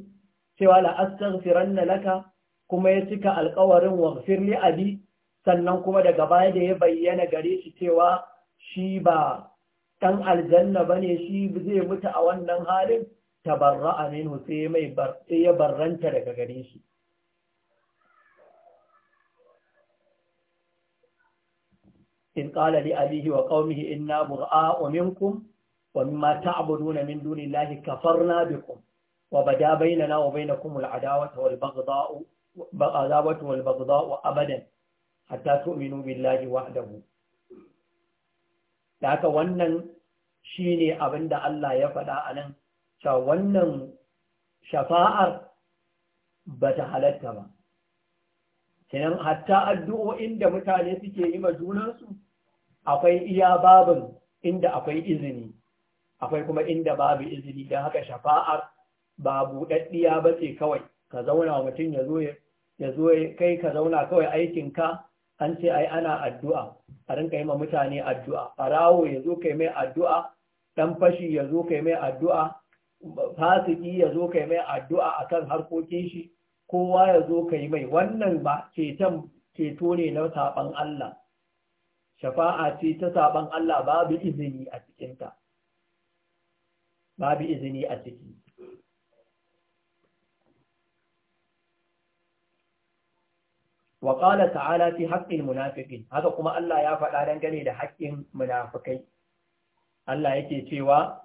cewa la astaghfiranna laka kuma ya cika alƙawarin waghfir li'abi abi sannan kuma daga baya da ya bayyana gare shi cewa shi ba ɗan aljanna ba ne shi zai mutu a wannan halin tabarra'a barra sai mai sai ya barranta daga gare shi in qala li abihi wa qaumihi inna bur'a minkum wa mimma ta'buduna min dunillahi kafarna bikum wa bada bainana wa bainakum al'adawatu wal baghdha'u baghdha'u wal baghdha'u abadan hatta wannan shine abinda Allah ya faɗa anan cewa wannan shafa'ar bata halatta ba kenan hatta addu'o'in da mutane suke yi ma junansu akwai iya babin inda akwai izini akwai kuma inda babu izini don haka shafa'ar ba buɗaɗɗiya ba ce kawai ka zauna mutum ya zo ya zo kai ka zauna kawai aikinka an ce ai ana addu'a a rinka yi ma mutane addu'a farawo ya zo kai mai addu'a Dan fashi ya zo kai mai addu'a fasiki ya zo kai mai addu'a akan harkokin shi kowa ya zo kai mai wannan ba ceton ceto ne na saban Allah shafa'a ce ta saɓan Allah babu izini a cikinta babu izini a ciki Wakala ta'ala في haƙƙin المنافقين haka kuma Allah ya faɗa dangane da haƙƙin munafukai. Allah yake cewa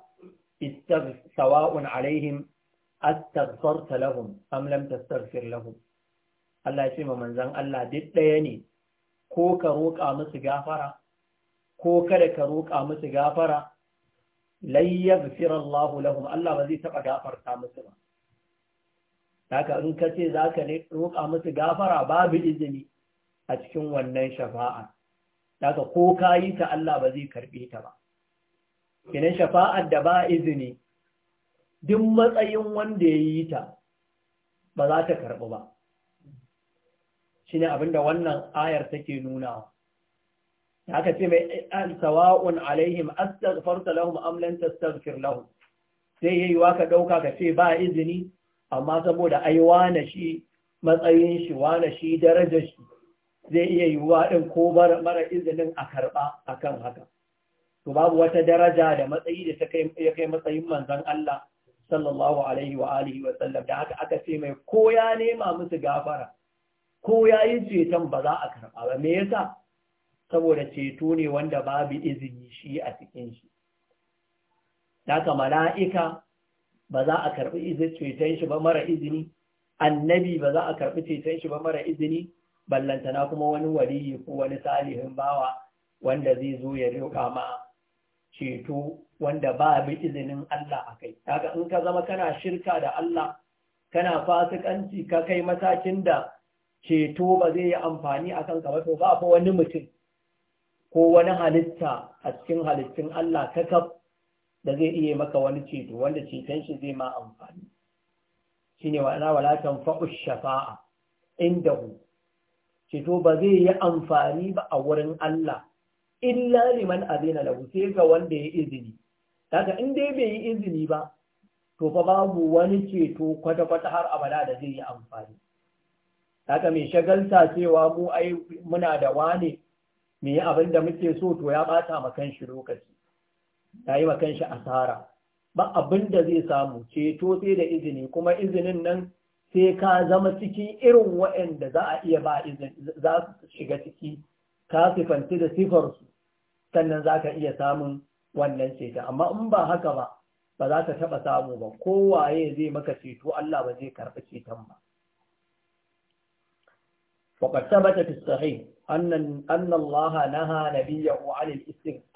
istaghfir sawa'un alaihim astaghfarta lahum am lam tastaghfir lahum Allah ya ce ma manzon Allah duk ɗaya ne ko ka roƙa musu gafara ko kada ka roƙa musu gafara lan yaghfira Allah lahum Allah ba zai taɓa gafarta musu ba aka in ka ce zaka ka roƙa musu gafara babu izini a cikin wannan shafa'a haka ko kayi ta Allah ba zai karbe ta ba kinan shafa'ar da ba izini duk matsayin wanda ya yi ta ba za ta karɓi ba shi ne abinda wannan ayar take nunawa haka ce mai eh, ah, sawa'un alaihim astaghfarta lahum am lan tastaghfir lahum sai yayi waka dauka ka ce ba izini amma saboda ai wane shi matsayin shi wana shi darajar shi zai iya yiwuwa din ko mara izinin a karba akan haka to babu wata daraja da matsayi da ta kai kai matsayin manzon Allah sallallahu alaihi wa alihi wa sallam da haka aka ce mai ko ya nema musu gafara ko ya yi ceton ba za a karba ba me yasa saboda ceto ne wanda babu izini shi a cikin shi Daka mala'ika ba za a karɓi ceton shi ba mara izini annabi ba za a karɓi ceton shi ba mara izini ballantana kuma wani waliyi ko wani salihin bawa wanda zai zo ya riƙa ma ceto wanda babu izinin Allah a kai. Daka in ka zama kana shirka da Allah, kana fasikanci ka kai matakin da ceto ba zai yi amfani a kanka ba, to ba fa wani mutum ko wani halitta a cikin halittun Allah kakaf da zai iya maka wani ceto wanda ceton shi zai ma amfani ne wa'ana wala fa'us shafa'a Inda indahu ceto ba zai yi amfani ba a wurin Allah illa liman azina lahu sai ga wanda ya izini daga in dai bai yi izini ba to fa babu wani ceto kwata-kwata har abada da zai yi amfani daga mai shagalta cewa mu ai muna da wane me yi abin da muke so to ya bata kan shi lokaci ya yi kan shi asara ba abin da zai samu ceto sai da izini kuma izinin nan sai ka zama ciki irin waɗanda za a iya ba izin, za su shiga ciki ka sifanti da sifarsu sannan za ka iya samun wannan ceto amma in ba haka ba ba za ka taɓa samu ba kowaye zai maka ceto Allah ba zai karɓi ceton ba. Ba tabbata fi sahih أن أن الله نهى نبيه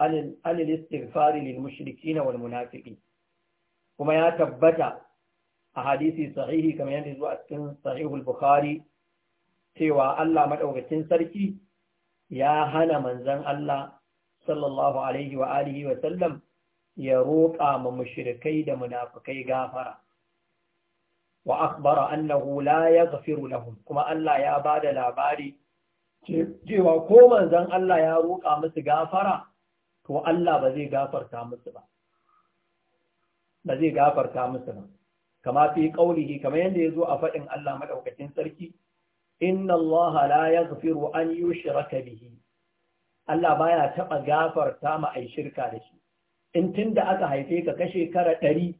عن عن الاستغفار للمشركين والمنافقين كما يثبت أحاديث صحيح كما ينزل أسكن صحيح البخاري سوى الله مدعوكتين سركي يا هنا من زن الله صلى الله عليه وآله وسلم يروق آم مشركي دا منافقي غافرة وأخبر أنه لا يغفر لهم كما الله يا بعد لا باري cewa ko manzon Allah ya roƙa musu gafara to Allah ba zai gafarta musu ba ba zai gafarta musu ba kama fi qaulihi kamar yanda yazo a faɗin Allah maɗaukacin sarki inna Allah la yaghfiru an yushraka bihi Allah baya taɓa gafarta ma ai shirka da shi in tunda aka haife ka kashe kara ɗari,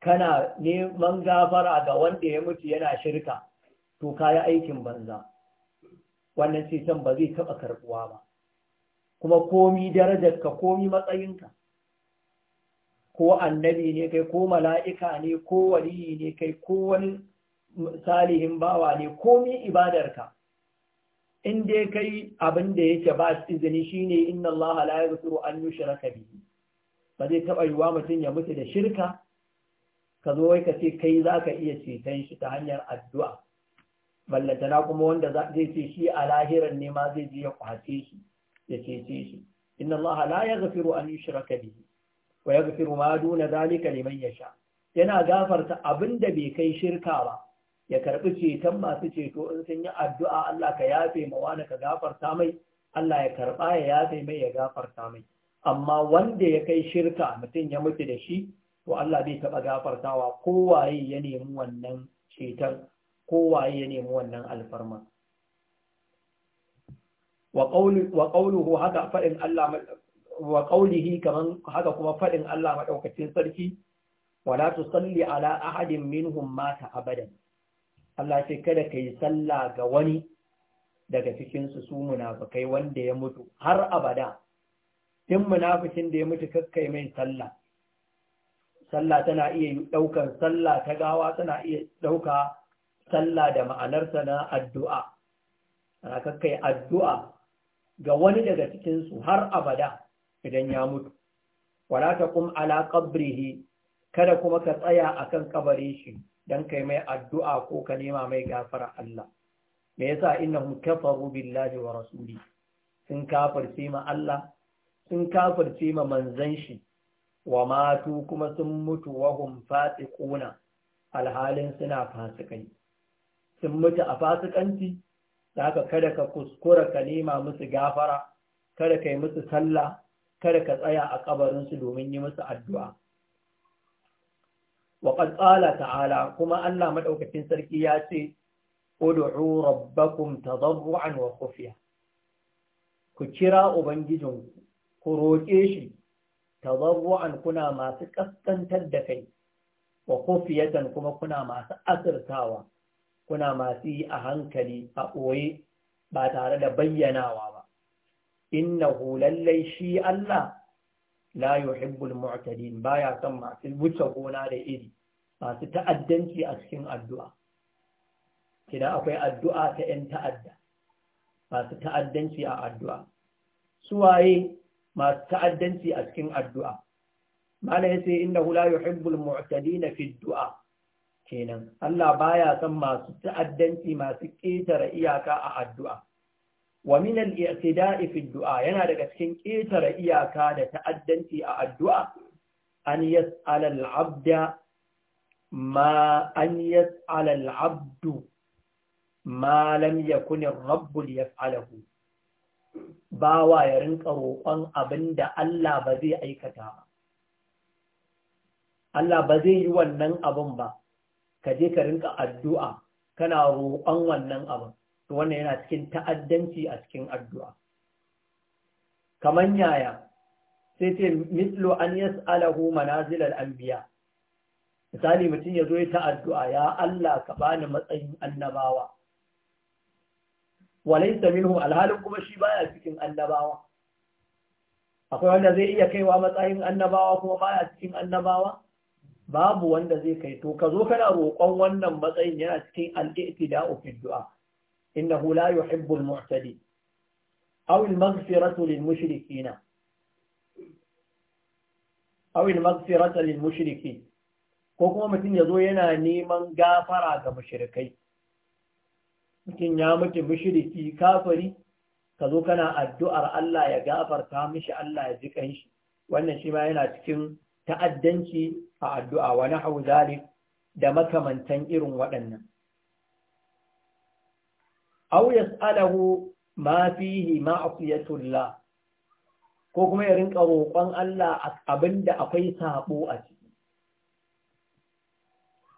kana neman gafara ga wanda ya mutu yana shirka to kaya aikin banza wannan ceton ba zai taɓa karɓuwa ba kuma komi darajarka komi matsayinka ko annabi ne kai ko mala'ika ne ko waliyi ne kai ko wani salihin bawa ne komi ibadarka in dai kai abin da yake ba izini shine inna Allah la yaghfiru an yushraka ba zai taɓa yiwuwa mutum ya mutu da shirka ka zo wai ka ce kai zaka iya ceton shi ta hanyar addu'a ballantana kuma wanda zai ce shi a lahiran ne ma zai je ya kwace shi ya cece shi inna Allah la yaghfiru an yushraka bihi wa yaghfiru ma duna zalika liman yasha yana gafarta abinda bai kai shirka ba ya karbi ceton masu ceto in sun yi addu'a Allah ka yafe ma wani ka gafarta mai Allah ya karba ya yafe mai ya gafarta mai amma wanda ya kai shirka mutum ya mutu da shi to Allah bai taɓa gafartawa kowaye ya nemi wannan ceton kowaye ya nemi wannan alfarma wa ƙauluhu haka faɗin Allah wa ƙaulihi kaman haka kuma faɗin Allah maɗaukacin sarki wala salli ala ahadin minhum mata abadan Allah ce kada yi sallah ga wani daga cikinsu su munafukai wanda ya mutu har abada in munafukin da ya mutu kakkai mai sallah sallah tana iya ɗaukar sallah ta gawa tana iya ɗauka. sallah da ma'anarsa na addu'a ana kakkai addu'a ga wani daga cikinsu har abada idan ya mutu wala ta kum ala qabrihi kada kuma ka tsaya akan kabarin shi dan kai mai addu'a ko ka nema mai gafara Allah me yasa innahum kafaru billahi wa rasuli sun kafirce ma Allah sun kafirce ma manzan shi wa matu kuma sun mutu wa hum fasiquna alhalin suna fasikai sun mutu a fasikanci da haka kada ka kuskura ka nema musu gafara kada ka yi musu sallah kada ka tsaya a ƙabarinsu domin yi musu addu’a waƙar tsala ta’ala kuma allah maɗaukacin sarki ya ce ƙudu’u rabbakun ta zarru’an wa kufiya ku kira ubangijin ku roƙe shi ta zarru’an kuna masu ƙasƙantar da kai wa kufiyatan kuma kuna masu asirtawa. kuna masu yi a hankali a ɓoye ba tare da bayyanawa ba innahu lallai shi Allah la yuhibbul mu'tadin baya son masu wuce gona da iri masu ta'addanci a cikin addu'a kina akwai addu'a ta 'yan ta'adda masu ta'addanci a addu'a suwaye masu ta'addanci a cikin addu'a mala yace innahu la yuhibbul mu'tadin fi du'a kenan Allah baya son masu ta'addanci masu ƙetare iyaka a addu'a wa min al-i'tida'i fi du'a yana daga cikin ƙetare iyaka da ta'addanci a addu'a an yas'ala al-'abda ma an yas'ala al-'abdu ma lam yakun ar-rabb bawa ya rinka roƙon abinda Allah ba zai aikata Allah ba zai yi wannan abin ba ka je ka rinka addu'a kana roƙon wannan abin to wannan yana cikin ta'addanci a cikin addu'a kaman yaya sai ce Mitlo, an yas'alahu Manazilar, anbiya misali mutum ya zo ya ta'addu'a ya Allah ka bani matsayin annabawa walai minhum alhalin kuma shi baya cikin annabawa akwai wanda zai iya kaiwa matsayin annabawa kuma baya cikin annabawa babu wanda zai kai to ka zo kana roƙon wannan matsayin yana cikin alitida'u itidau fi du'a innahu la yuhibbu al-mu'tadi aw al-maghfiratu lil-mushrikeen aw al-maghfiratu lil mushrikin? ko kuma mutum ya zo yana neman gafara ga mushrikai mutum ya mutu mushriki kafiri ka zo kana addu'ar Allah ya gafarta mishi Allah ya ji kanshi wannan shi ma yana cikin ta'addanci a addu'a wani hau zalik da makamantan irin waɗannan ya tsalahu ma fihi ma'siyatullah ko kuma ya rinka roƙon Allah abinda akwai saɓo a ciki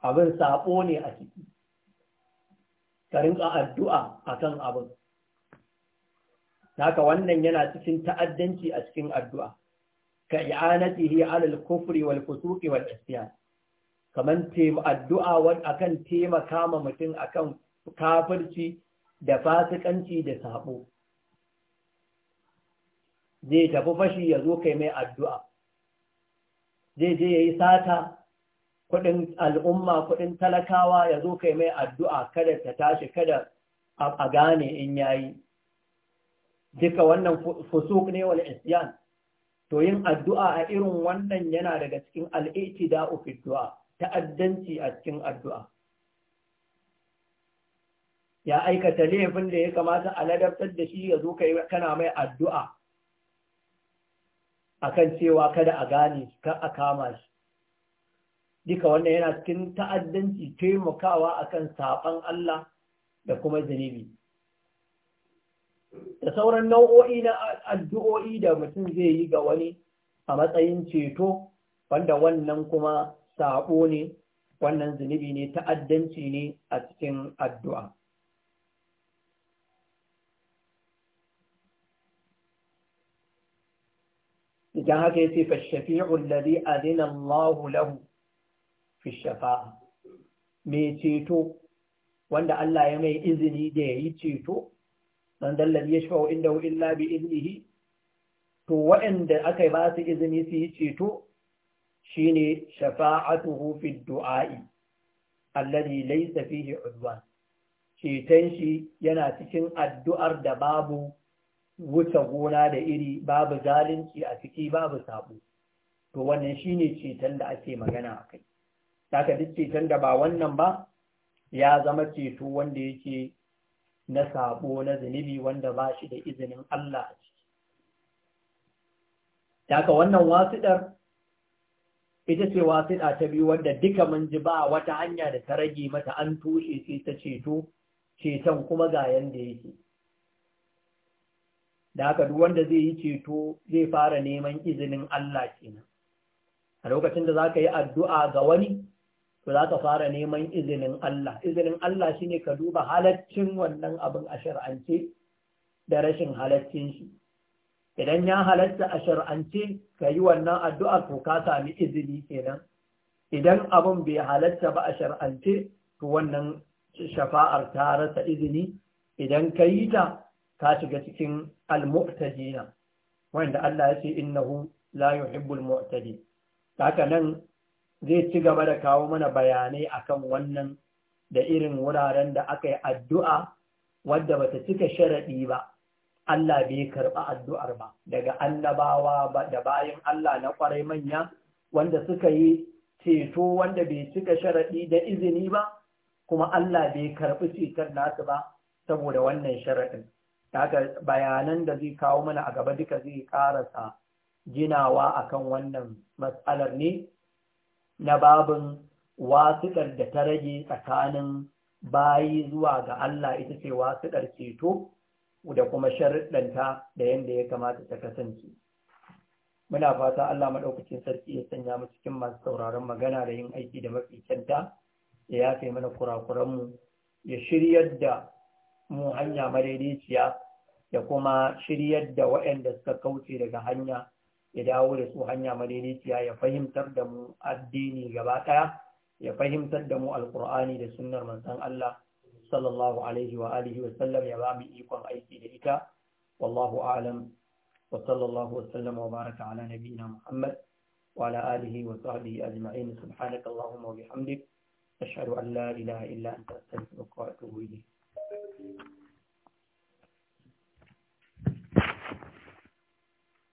abin saɓo ne a ciki ka rinka addu'a akan abin Naka wannan yana cikin ta'addanci a cikin addu'a ka i'anatihi ala al-kufri wal fusuqi wal isyan kaman addu'a wan akan tema kama mutum akan kafirci da fasikanci da sabo zai tafi fashi ya zo kai mai addu'a zai je yayi sata kudin al'umma kudin talakawa ya zo kai mai addu'a kada ta tashi kada a gane in yayi duka wannan fusuq ne wal isyan to yin addu'a a irin wannan yana daga cikin al'itida'u fi du'a ta'addanci a cikin addu'a ya aikata laifin da ya kamata a ladabtar da shi ya zo kana mai addu'a akan cewa kada a gane shi a kama shi duka wannan yana cikin ta'addanci taimakawa akan saɓan Allah da kuma zunubi da sauran nau'o'i na addu'o'i da mutum zai yi ga wani a matsayin ceto wanda wannan kuma saɓo ne wannan zunubi ne ta'addanci ne a cikin addu'a. Idan haka ya ce, Fashafi'un lari adinan lahu lahu fi shafa'a, mai ceto wanda Allah ya mai izini da ya yi ceto man dallabi ya shafa inda hu illa bi iznihi to waɗanda aka ba su izini su yi ceto shine shafa'atu fi du'a'i alladhi laysa fihi udwan shi yana cikin addu'ar da babu wuce gona da iri babu zalunci a ciki babu sabo to wannan shine ceton da ake magana akai saka duk ceton da ba wannan ba ya zama ceto wanda yake na sabo na zunubi wanda ba shi da izinin Allah a ciki. Daga wannan wasiɗar, ita ce wasiɗa ta biyu wanda duka mun ji ba wata hanya da ta rage mata an tushe sai ta ceto, ceton kuma ga yanda yake. Da duk wanda zai yi ceto zai fara neman izinin Allah kenan. A lokacin da za ka yi addu'a ga wani, to za ka fara neman izinin Allah izinin Allah shine ka duba halaccin wannan abin a shar'ance da rashin halaccin shi idan ya halatta a shar'ance ka yi wannan addu'ar ko ka sami izini kenan idan abin bai halatta ba a shar'ance to wannan shafa'ar ta rasa izini idan ka yi ta ka shiga cikin almu'tajina wanda Allah ya ce innahu la yuhibbul mu'tadi haka nan zai ci gaba da kawo mana bayanai akan wannan da irin wuraren da aka yi addu'a wadda bata cika sharaɗi ba Allah bai karɓi addu'ar ba daga annabawa da bayan Allah na ƙwarai manya wanda suka yi ceto wanda bai cika sharaɗi da izini ba kuma Allah bai karɓi cetar nasu ba saboda wannan sharaɗin daga bayanan da zai kawo mana a gaba duka zai karasa ginawa akan wannan matsalar ne na babin wasiƙar da ta rage tsakanin bayi zuwa ga Allah ita ce wasiƙar ceto da kuma sharuɗanta da yadda ya kamata ta kasance. Muna fata Allah maɗaukacin sarki ya sanya mu cikin masu sauraron magana da yin aiki da mafi kyanta ya yafe mana kurakuranmu ya shiryar da mu hanya madaidaiciya da kuma shiryar da waɗanda suka kauce daga hanya ya dawo da su hanya madaidaiciya ya fahimtar da mu addini gaba ɗaya ya fahimtar da mu alkur'ani da sunnar manzon Allah sallallahu alaihi wa alihi wa sallam ya ba mu ikon aiki da ita wallahu a'lam wa sallallahu wa sallam wa baraka ala nabiyyina Muhammad wa ala alihi wa sahbihi ajma'in subhanaka allahumma wa bihamdik ashhadu an la ilaha illa anta astaghfiruka wa atubu ilayk